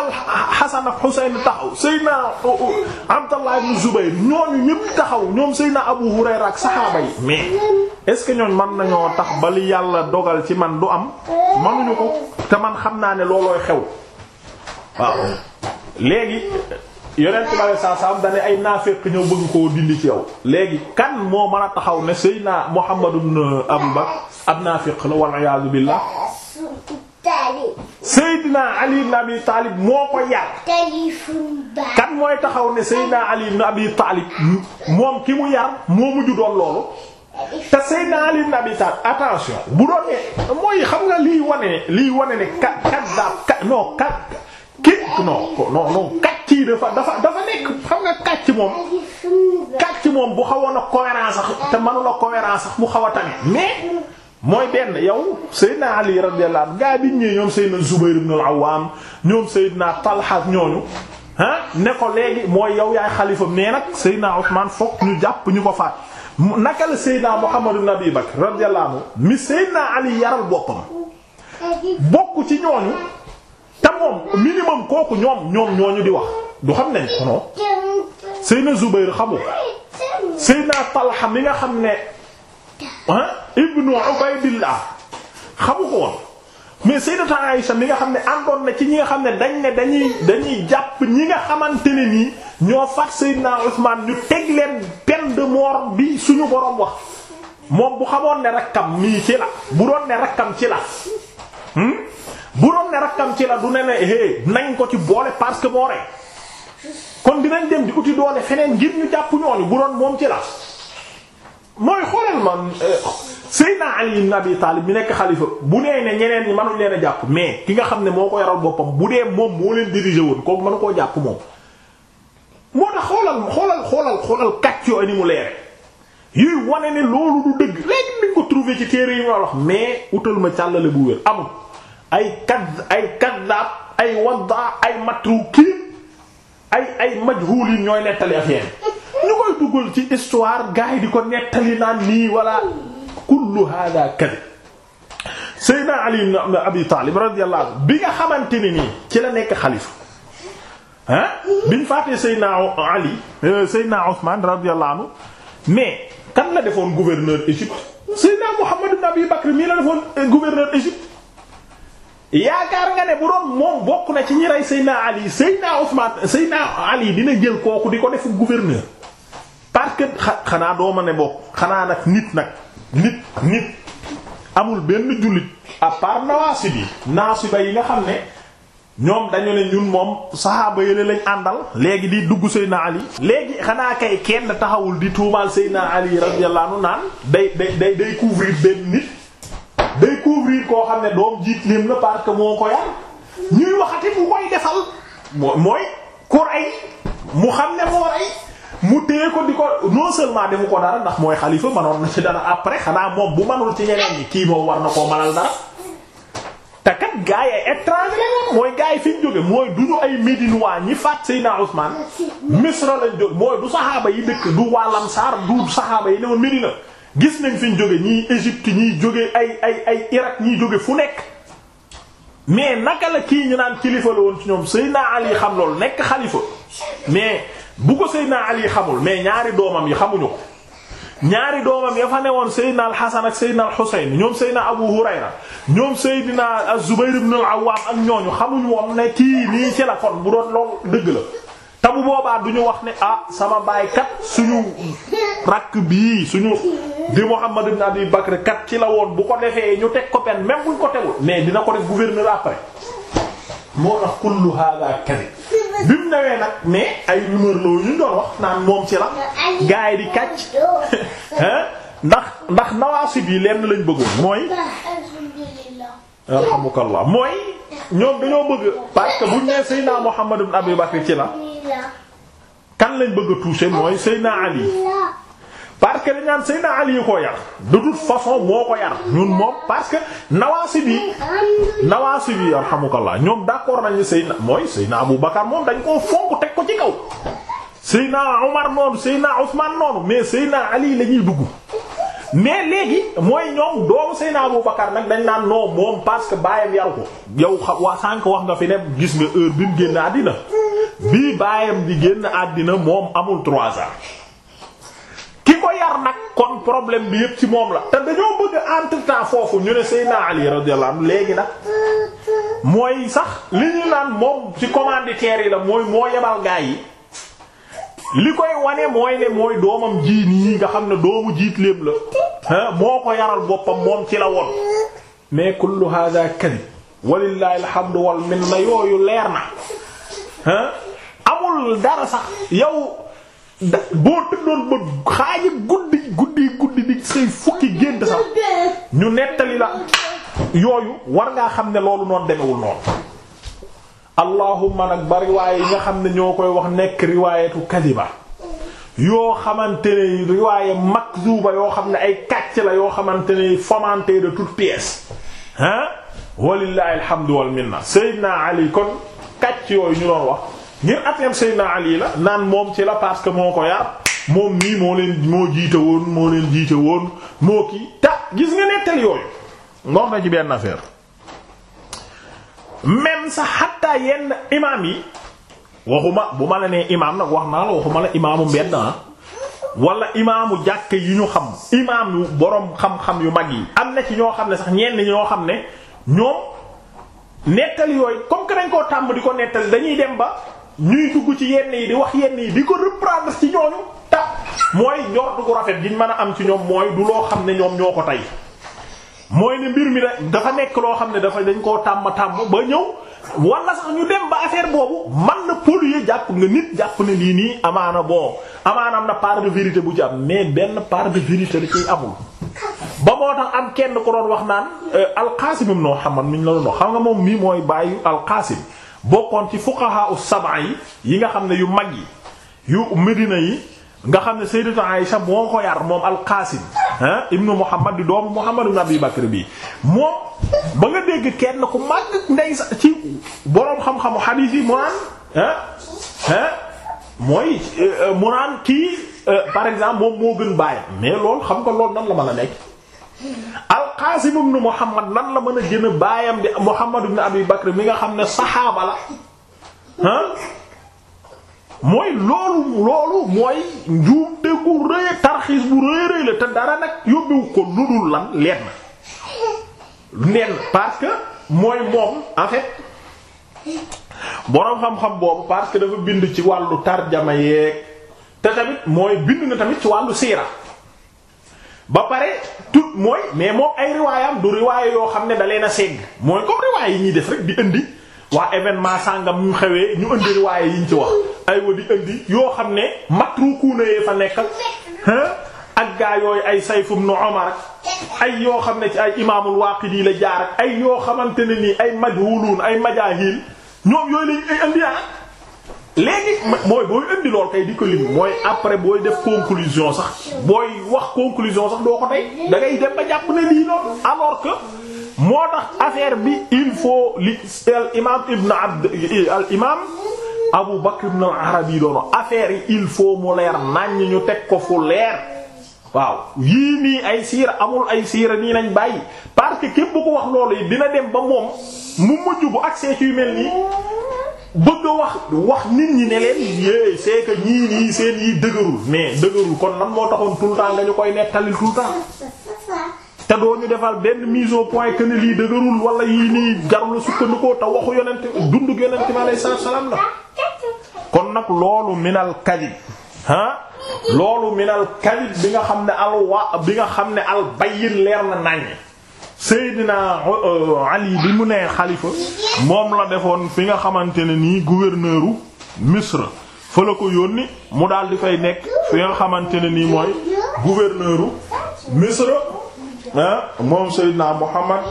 Hasan ak Husayn taxaw Seydina uh, uh, Abdallah ibn Zubayr ñooñu ñëpp taxaw ñoom Seydina Abu Hurayra ak saxaaba yi mais est-ce que ñooñ man nañoo tax ba li yàlla dogal ci man du am mënuñu ko te man xam naa ne loolooy xew léegi yonent bi saa saam dañ ay naafeq ñëw bëgg koo dindi ci yow léegi kan moo mën a taxaw ne Seydina Muhammad ibn Abu Bakr ab naafeq la wal iyaazu billah Seydina Ali ibn Abi Taalib mooy taxaw ne Seydina Ali ibn Abi Taalib moom ki mu yar moo mujj doon loolu te Seydina Ali ibn Abi Taalib attention bu doon ne mooy xam nga liy wane liy wane ne ka ka daal ka non ka. képp non non yi dafa dafa dafa nekk xam nga kàcc moom kàcc moom bu xawoon a cohérence sax te manula cohérence sax mu xaw a tane mais mooy benn yow Seydina Ali radiyallahu anhu gaa bi ñëwee ñoom Seydina Zubayr ibn al-Awwam ñoom Seydina Talha ñooñu ah ne ko léegi mooy yow yaay xalifam nee nag Seydina Usman fokk ñu jàpp ñu ko faat naka la Seydina Muhammad ibn Abi Bakr radiyallahu anhu mi Seydina Ali yaral boppam bokk ci ñooñu. te moom minimum kooku ñoom ñoo ñu di wax du xam nañ ko non Seyna Zubayr xamu Seyna Talha mi nga xam ne ah ibnu Ubaydillah xamu ko woon mais Sayyidatu Aisha mi nga xam ne àndoon na ci ñi nga xam ne dañ ne dañuy dañuy jàpp ñi nga xamante ne nii ñoo faat Sayyidna Usman ñu teg leen peine de bi suñu borom wax moom bu xamoon ne rakkam mii ci la bu doon ne rakkam ci la. Hmm? bu doon ne rakkam ci la du ne hé nañ ko ci boole parce que moo rey kon dinañ dem di uti doole feneen ngir ñu jàpp ñooñu bu doon moom ci la mooy xoolal ma eh, Seydina Ali ibn Abi Talib mi nekk xalifa bu nee ne ñeneen ñi mënuñ leen a jàpp mais ki nga xam ne moo ko yaral boppam bu dee moom moo leen diriger woon kooku mënu koo jàpp moom moo tax xoolal xoolal xoolal xoolal kàcc yooyu ni mu leere yuy wane ne loolu du dëgg léegi ni ko trouvé ci téere yi ma wax mais utal ma càllale bu wér amul ay kad ay kaddaab ay waddaa ay matruukiin ay ay majhuuliin ñooy nettali affaire ñu koy dugal ci histoire gars yi di ko nettali naan nii wala kullu hada kadib Seydina Ali ibn Abi Taalib radiyallahu anhu bi nga xamante ne nii ci la nekk xalifa ah biñ faatee Seydina Ali euh, Seydina Ousmane radiyallahu anhu mais kan la defoon gouverneur Égypte Seydina Muhammad ibn Abi Bakr mii la defoon euh, gouverneur Égypte yaakaar nga ne bu doon moom bokk na ci ñi rey Seyna Ali Seyna Ousmane Seyna Ali dina jël kooku di ko def gouverneur parce que xanaa doo ma ne bokk xanaa nag nit nag nit nit amul benn jullit à part nawaasib yi naasiba yi nga xam ne ñoom dañu ne ñun moom saxaaba yële lañ àndal léegi di dugg Seyna Ali léegi xanaa kay kenn taxawul di tuumaal Seyna Ali radiyallahu anhu naan day day day day couvrir benn nit day couvrir koo xam ne doom jiit lim la parce que moo koy yar ñuy waxati mu koy defal mooy ku rey mu xam ne moo rey mu téye ko di ko non seulement defu ko dara ndax mooy xalifa manoon na ci dara après xanaa moom bu manul ci ñeneen ñi kii moom war na koo manal dara te kat gars ay étranger mooy gars yi jóge mooy du ñu ay médinois ñi faat Seydina Ousmane Misra lañ jóge mooy du saxaaba yi dëkk du waa Lamsaar du saxaaba yi ne ma Médina gis nañ fi ñu jóge ñii Égypte ñii jóge ay ay ay Irak ñii jóge fu nekk mais naka la kii ñu naan kilifa la woon ci ñoom Seydina Ali xam loolu nekk xalifa mais bu ko Seydina Ali xamul mais ñaari doomam yi xamuñu ko ñaari doomam ya fa woon Seydina al Hasan ak Seydina al Husayn ñoom Seydina Abu Hurayra ñoom Seydina az-Zubayr ibn al Awwam ak ñooñu xamuñu woon ne kii nii ci bu doon loolu dëgg la te boobaa du ñu wax ne ah sama baay kat suñu rakk bii suñu di Muhammad ibn Abi Bakr kat ci la woon bu ko defee ñu teg ko pen même buñ ko tegul mais dina ko def gouverneur après moo tax kullu hada kadhib bi mu newee nag mais ay rumeur loo ñu wax naan moom ci la gaay di kàcc hein ndax ndax nawaasib yi lenn lañ bëggoon mooy yarhamukallah mooy ñoom dañoo bëgg parce que buñ nee Seydina Muhammad ibn Abi Bakr ci la kan lañ bëgg a mooy Seydina Ali parce que dañ naan Ali yu ko yar de façon moo ko yar ñun moom parce que nawaasi bi nawaasi bi yarhamukallah ñoom d'accord nañu Seydina mooy Seydina Abu Bakar moom dañ koo fonk teg ko ci kaw Seydina Umar noonu Seydina Usman noonu mais Seydina Ali lañuy dugg mais léegi mooy ñoom doomu Seydina Abu Bakar nag dañ naan non moom parce que baayam yar ko yow waa sànq wax nga fi ne gis nga heure bi mu génn àddina bii baayam di génn àddina moom amul trois ans ki ko yar nag kon problème bi yépp ci moom la. te dañoo bëgg entre temps foofu ñu ne Seydina Ali radiyallahu anhu léegi nag mooy sax li ñu naan moom ci commanditaire yi la mooy moo yebal gaa yi. li koy wane mooy ne mooy doomam ji nii nga xam ne doomu jiit léem la ah moo ko yaral boppam moom ci la woon mais kullu hada kadib walillahi alhamdu wal ma yooyu leer na ah amul dara sax yow da boo tëddoon ba xaaji guddi guddi guddi di say fukki gént sax ñu nettali la yooyu war ngaa xam ne loolu noonu demewul noonu allahumma nag ba riwaayé yi nga xam ne ñoo koy wax nekk riwaayatu kadiba yoo xamante ne riwaayé makzuba yoo xam ne ay kàcc la yoo xamante ne fomentée de toutes pièces ah walillahi alhamdu wal minna Seydina Ali kon kàcc yooyu ñu doon wax ngir atem Seydina Ali la naan moom ci la parce que moo ko yar moom mii moo leen moo jiite woon moo leen jiite woon moo kii ta gis nga nettali yooyu ngox na ci benn affaire même sa xatta yenn imaam yi waxuma bu ma la nee imaam nag wax naa la waxuma la imaamu mbedd ah wala imaamu jàkk yi ñu xam imaam yu boroom xam-xam yu mag yi am na ci ñoo xam ne sax ñenn ñoo xam ne ñoom nettali yooyu comme ko dañ koo tàmm di ko nettali dañuy dem ba ñuy dugg ci yenn yi di wax yenn yi di ko reprendre ci ñooñu ta mooy njort rafet giñ mën a am ci ñoom mooy du loo xam ne ñoom ñoo ko tey mooy ne mbir mi rek dafa nekk loo xam ne dafa dañ koo tàmm tàmm ba ñëw wala sax ñu dem ba affaire boobu man na polluer jàpp nga nit jàpp ne nii nii amaana boo amaana am na part de vérité bu ci am mais benn part de vérité la ciy amul. ba moo tax am kenn ko doon wax naan euh, alqaasim ibn Muhammad mi ñu la doon xam nga moom mii mooy bàyyi alqaasim bokkoon ci fuqaha as yi yi nga xam ne yu mag yi yu Medina yi nga xam ne sayyidatu Aisha moo ko yar moom alqaasim ah ibnu Muhammad di doomu Muhammad ibn Abi Bakr bii moo ba nga dégg kenn ku màgg ndey sa ci boroom xam-xamu xadiis yi mu naan mooy euh, mu naan kii euh, par exemple moom moo gën bàyyi mais loolu xam nga loolu nan la mën a nekk. Al-Qasim ibn Muhammad nan la mën a jën baayam di Muhammad ibn Abi Bakr bi nga xam ne saxaaba la mooy loolu loolu mooy njuum déggu rëy tarxiis bu rëy rëy la te dara nag yóbbuwu ko lu dul lan leen nen parce que mooy moom en fait boroom xam-xam boobu parce que dafa bind ci wàllu tarjama yeeg te tamit mooy bind na tamit ci wàllu siira ba pare tout mooy mais moom ay riwaayam du riwaaya yoo xam ne da leen a segg mooy comme riwaay yi ñuy def rek bi indi waa événement sàngam ñu xewee ñu indi riwaaye yiñ ci wax ay wa di indi yoo xam ne matrukuuna yee fa nekk ak gaa yooyu ay Sayf ibn Umar ay yoo xam ne ci ay imaamul Waaqidi la jaar ak ay yoo xamante ne nii ay majhuluun ay majaahil ñoom yooyu lañ ay indi ah léegi mooy booy indi lool kay di ko lim mooy après booy def conclusion sax booy wax conclusion sax doo ko tey da dem ba jàpp ne lii loolu alors que moo tax affaire bi il faut li al imaam ibn abd al imaam Abu Bakr ibn al Arabi doon affaire yi il faut mu leer naññ ñu teg ko fu leer waaw yii nii ay siira amul ay siira nii nañ bàyyi parce que képp bu ko wax loolu yi dina dem ba moom mu mujj bu accès ci yu mel nii bëgg a wax wax nit ñi ne leen yéey c'est ñii nii seen yi dëgërul mais dëgërul kon lan moo taxoon tout nga ñu koy nettalil tout doo ñu defal benn mise point que lii dëgërul wala yii nii jarul sukkandikoo te waxu yonent dundug yonent bi alayhi salaam la. kon nag loolu minal kadib ah loolu minal kadib bi nga xam ne al wa bi nga xam ne al bayyin leer na naññe. Seydina euh, Ali bi mu nee xalifa moom la defoon fi nga xamante ne nii gouverneur u Misr la ko yónni mu daal di fay nekk fi nga xamante ne nii mooy gouverneur u Ah, moom Seydina Muhammad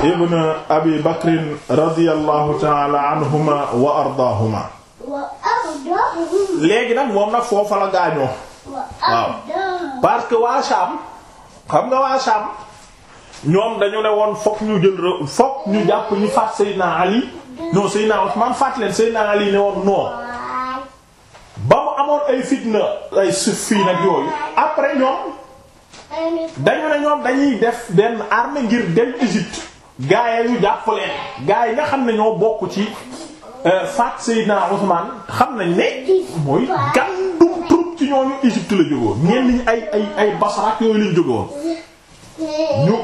ibn Abi Bakrin radiyallahu taala anhuma léegi nag moom nag foofa la gaañoo parce que waa Sham xam nga waa Sham ñoom dañu ne woon fokk ñu jël re fokk ñu jàpp ñu faat Seydina Ali non Seydina Usman faat leen Seydina Ali ne woon non ba mu amoon ay fitna ay suuf fii nag yooyu après ñoom. dañu ne ñoom dañuy def benn armée ngir dem Égypte gaay yu jàppaleen gaay yi nga xam ne ñoo bokk ci euh, faat Seydina Ousmane xam nañ ne mooy gàndum troupe ci ñooñu Égypte la jógoon ñenn ay ay ay Basra ñu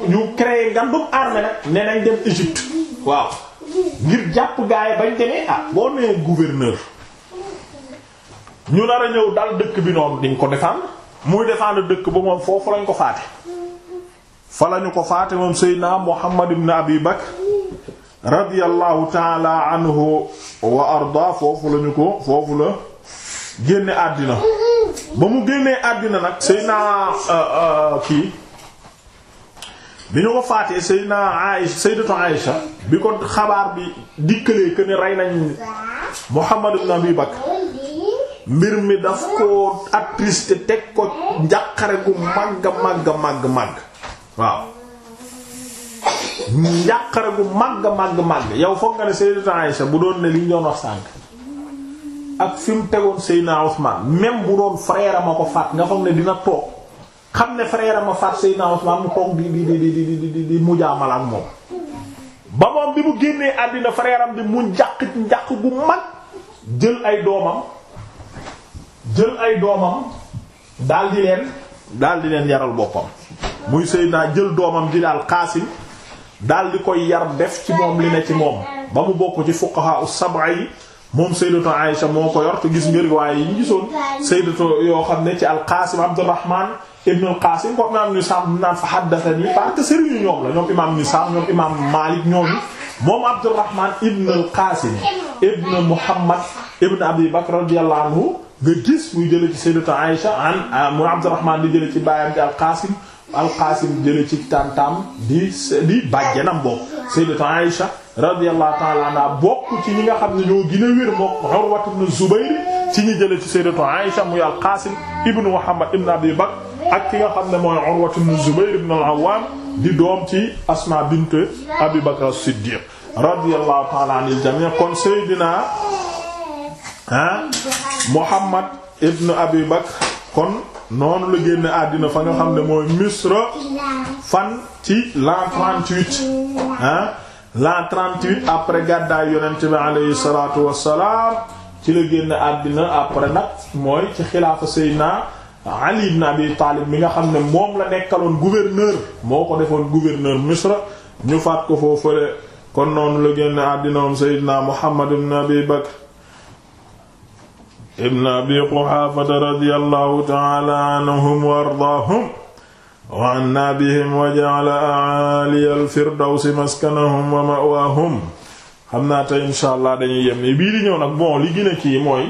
ñu créé gàndum armée nag ne nañ dem Égypte waaw ngir jàpp gaay bañ demee ah boo nee gouverneur ñu nar a ñëw dal dëkk bi noonu dañ ko défendre muy défendre dëkk ba moom foofu lañ ko faate fa lañu ko faate moom seydina Muhammad ibn Abi Bakr radiyallahu taala anhu wa arda foofu lañu ko foofu la génne àddina ba mu génnee àddina nag seydina euh, euh, kii bi ñu ko faatee seydina Aïsha sayyidatu Aïsha bi ko xabaar bi dikkalee que rey nañ Muhammad ibn Abi Bakr mbir mi daf ko attristé teg ko njàqare gu màgg màgg màgg màgg waaw njàqare gu màgg màgg màgg yow foog nga ne Sayyidatu Aïsha bu doon ne li ñu doon sànk ak fi mu tegoon Seydina Ousmane même bu doon frère ma ko faat nga foog ne dina toog xam ne frère ma faat Seydina Ousmane mu toog di di di di di di mujaamala moom ba moom bi mu génnee àddina frère bi mu njàq njàq gu mag jël ay doomam jël ay doomam daal di leen daal di leen yaral boppam muy Seydina jël doomam di daal Qaasim daal di koy yar def ci moom li ne ci moom ba mu bokk ci fuqaha as-sab'a yi moom Sayyidatu Aïsha moo ko yor te gis ngir waaye yi ñu gisoon Sayyidatu yoo xam ne ci al-Qaasim Abdurrahman ibn al-Qaasim ko imaam Nisaam naan fa haddathani parce que sëriñu ñoom la ñoom imaam Nisaam ñoom imaam Maalik ñoom moom Abdurrahman ibn al-Qaasim ibn Muhammad ibn Abi Bakr radiyallahu nga gis muy jële ci sayyidatu Aïsha an ah, mu Abdurrahman di jële ci baayam ci alqaasim alqaasim jële ci tantam di di bàjjanam bokk sayyidatu Aïsha radiyallahu ta'ala anha bokk ci ñi nga xam ne ñoo gën a wér mook Urwa ibn Zubayr ci ñi jële ci sayyidatu Aïsha muy alqaasim ibnu Muhammad ibnu Abi Bakr ak ki nga xam ne mooy Urwa ibn Zubayr ibn al-Awwam di doom ci Asma bint Abi Bakr as-Siddiq kon sayyidina ah Muhammad ibn Abi Bakr kon noonu la génn àddina fa nga xam ne mooy Misra fan ci la 38 ah après gàddaay yonent bi alayhi salaatu wassalaam ci la génn àddina après nag mooy ci xilaafa Seydina Ali ibn Abi Taalib mi nga xam ne moom la nekkaloon gouverneur moo ko defoon gouverneur Misra ñu faat ko foofule kon noonu la génn àddina moom Seydina Muhammad ibn Abi Bakr ibn abi quhaafata radiyallahu taala anhum wa ardaahum wa anna bihim wa ja'ala a'aaliya al-firdawsi maskanahum wa ma'waahum xam naa tey insha allah dañuy yem ni bii di ñëw nag bon li gën a kii mooy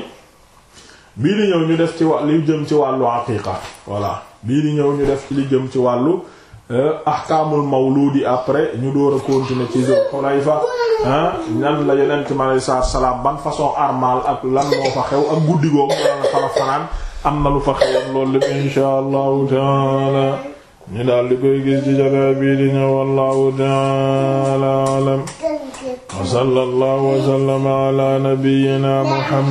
bii di ñëw ñu def ci li jëm ci wàllu aqiiqa voilà bii di ñëw ñu def ci li jëm ci wàllu Euh, ahkaamul mawludi après ñu door a continuer ci Zul Xulayfa nan la yonent mi salaam ban façon armal ak lan fa xew ak guddi googu nga fa fanaan am na lu fa xew loolu lépp insha allahu taala ñu daal di koy gis ci jataay bii di ñëw wallahu taala alam